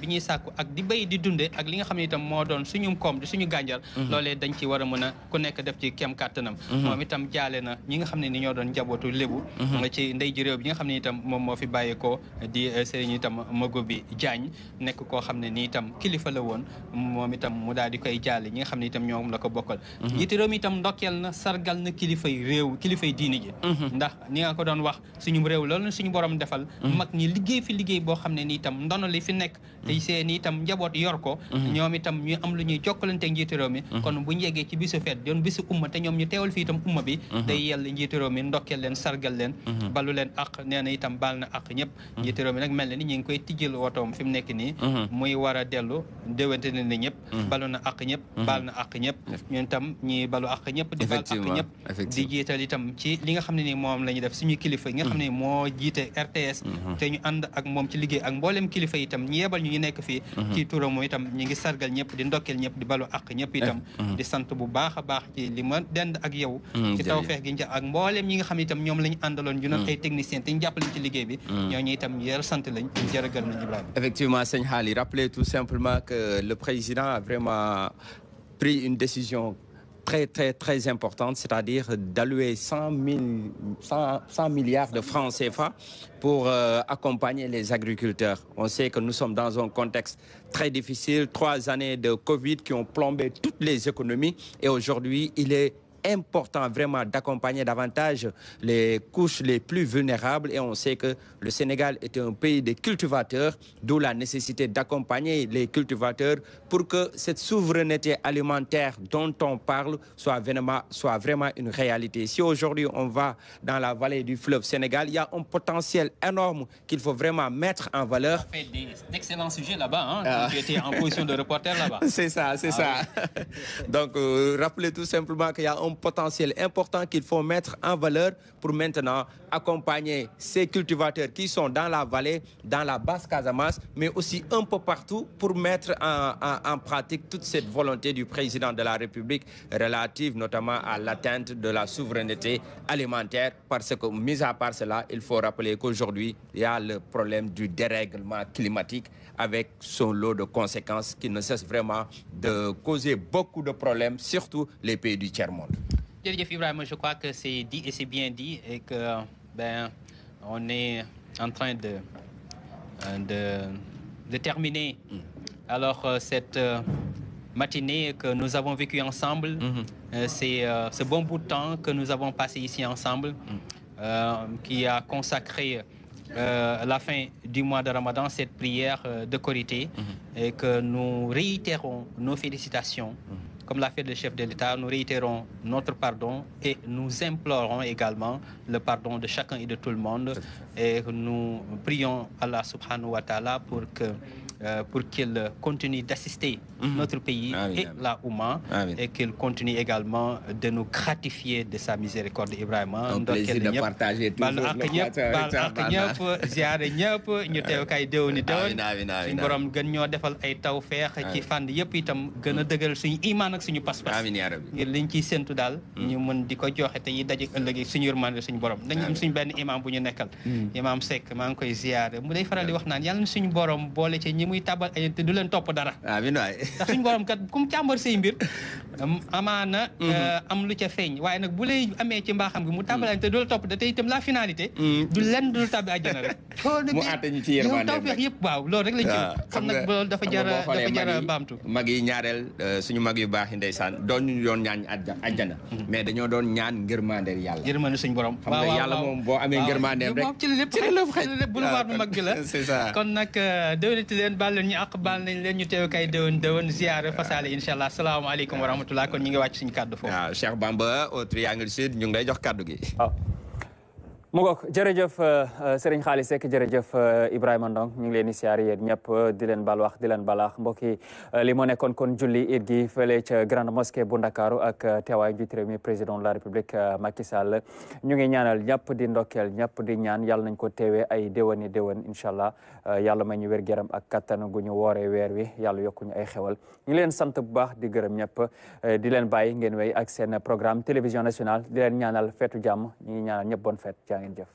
bi ñuy sàkku ak di béy di li nga xam ne itam moo doon suñu koom di suñu gànjar mhm. loolee dañ ci war a mën a ku nekk def ci kem kàttanam mhm. moom itam jaale na ñi nga xam ne ni ñoo doon njabootu lébu mhm. ci ndey ji réew bi nga xam ne itam moom moo fi bàyyeekoo di euh, sëriñ itam mago bi Diagne nekk koo xam ne ni itam kilifa la woon moom itam mu daal di koy jaale ñi nga xam ne itam ñoom la ko bokkal njiitu réew mi itam ndokkeel na sargal na kilifay réew kilifay diini ji ndax ni nga ko doon wax suñu réew loolu suñu borom defal mm-hmm. mag ñi liggéey fi liggéey boo xam ne ni itam ndono li fi nekk mm-hmm. te seen itam njaboot yor ko mm-hmm. ñoom itam ñu am lu ñuy jokkalante njiitu réew mi kon bu ñu yeggee ci bisu feet doon bisu umma te ñoom ñu teewal fi itam umma bi day yell njiitu réew mi ndokkeel leen sargal balu leen ak nee na mi nag mel ni ñu ngi koy tijjil wotoom fi nekk nii muy war a dellu déwante ne ni balu na ak ñëpp balu ak ñëpp di jiital itam ci li nga xam ne ni moom la def suñu kilifa yi nga xam ne moo jiit jiite RTS té ñu and ak mom ci liggéey ak mbolém kilifa itam ñu yebal ñu ñu nekk fi ci mhm. touram moom itam ñi ngi sargal ñëpp di ndokkel ñëpp di balu ak ñëpp itam eh, mhm. di sante bu baaxa baax ci li ma dend ak yow mm, ci tawfex gi ñu ak mbolém ñi nga xam ne itam ñom lañu andalon ñu doon mm. ay technicien té ñu jàppale ci liggéey bi mm. ñooñu itam yar sant lañ jërëgal nañ Ibrahima effectivement seigne hali rappeler tout simplement que le président a vraiment pris une décision très, très, très importante, c'est-à-dire d'allouer 100, 100, 100, milliards de francs CFA pour euh, accompagner les agriculteurs. On sait que nous sommes dans un contexte très difficile, trois années de Covid qui ont plombé toutes les économies et aujourd'hui, il est important vraiment d'accompagner davantage les couches les plus vulnérables. Et on sait que le Sénégal est un pays des cultivateurs, d'où la nécessité d'accompagner les cultivateurs pour que cette souveraineté alimentaire dont on parle soit vraiment, soit vraiment une réalité. Si aujourd'hui on va dans la vallée du fleuve Sénégal, il y a un potentiel énorme qu'il faut vraiment mettre en valeur. On fait d'excellents sujets là-bas. Hein, ah. en position de reporter là-bas. C'est ça, c'est ah ça. Donc, euh, rappelez tout simplement qu'il y a un potentiel important qu'il faut mettre en valeur pour maintenant accompagner ces cultivateurs qui sont dans la vallée, dans la basse Casamance, mais aussi un peu partout pour mettre en, en pratique toute cette volonté du président de la République relative notamment à l'atteinte de la souveraineté alimentaire parce que, mis à part cela, il faut rappeler qu'aujourd'hui, il y a le problème du dérèglement climatique avec son lot de conséquences qui ne cessent vraiment de causer beaucoup de problèmes, surtout les pays du tiers-monde. je crois que c'est dit et c'est bien dit et que ben, on est en train de, de, terminer mm. alors euh, cette euh, matinée que nous avons vécue ensemble. Mm-hmm. Euh, c'est ce bon bout de temps que nous avons passé ici ensemble mm. qui a consacré euh, la fin du mois de Ramadan cette prière euh, de qualité mhm. et que nous réitérons nos félicitations. Mhm. Comme l'a fait le chef de l'État, nous réitérons notre pardon et nous implorons également le pardon de chacun et de tout le monde. Et nous prions Allah subhanahu wa ta'ala pour que euh, pour qu'il continue d'assister mmh. notre pays Amin. et la Ouma et qu'il continue également de nous gratifier de sa miséricorde Ibrahim. un plaisir de partager toujours bal partage, ñëpp bal ak ñëpp ziare ñëpp ñu teew kay déwni déwén suñu borom gën ñoo defal ay taw ci fànn yëpp itam gën mm. suñu imaan ak suñu pas-pas ngir liñ ciy sentu dal mm. ñu mën diko ko joxe te yi daje ëllëg suñu yërmande suñu borom dañu am suñu benn imam bu ñu nekkal mm. imam sek ma ngi koy ziaré mu lay faral di wax naan yalla suñu borom boole ci ñi muy tabal ay te du leen topp ah, mhm. euh, bu lay amee ci mbaaxam gi mu mhm. tabal ay te du la topp da te itam la finalité. Mhm. du lenn du tabbi àjjana rek. mu àtte ñu ci yërmande taw feex yëpp waaw loolu rek ah, ñaareel euh, suñu mag yu baax yi ndeysaan doon ñu doon ñaan àjjana. mais dañoo doon ñaan ngërmandeel yàlla. ngërmande suñu borom waaw waaw xam nga yàlla moom boo amee ngërmandeem ci lépp ci lépp xëy bu lu war bu mag bi la. c'est ça kon nag euh, déwénati leen baal leen ñu àq nañ leen ñu teew kay déwén dewan ziare fasaale incha allah salaamaaleykum wa rahmatullah kon ñu ngi wàcc suñu kàddu foofu. waaw ah, Cheikh Bamba au Triangle Sud ñu ngi lay gi. waaw ah. mu euh, euh, Serigne Khaly Seck jërëjëf euh, Ibrahima Ndong ñu ngi leen di leen bal wax di leen li kon julli it gi fële ca grande mosquée bu ak teewaay njiit réew mi de la république Macky Sall ñu ngi ñaanal di di ñaan nañ ko ay déwéni déwén inshallah. Euh, yàlla may ñu wér gërëm ak kattan ñu wooree weer wi yàlla yokkuñu ay xewal ñu leen sant bu baax di gërëm ñëpp euh, di leen bàyyi ngeen wéy ak seen programme télévision nationale di leen ñaanal feetu jàmm ñu ngi ñaanal ñëpp bonne fête jaa ngeen jëf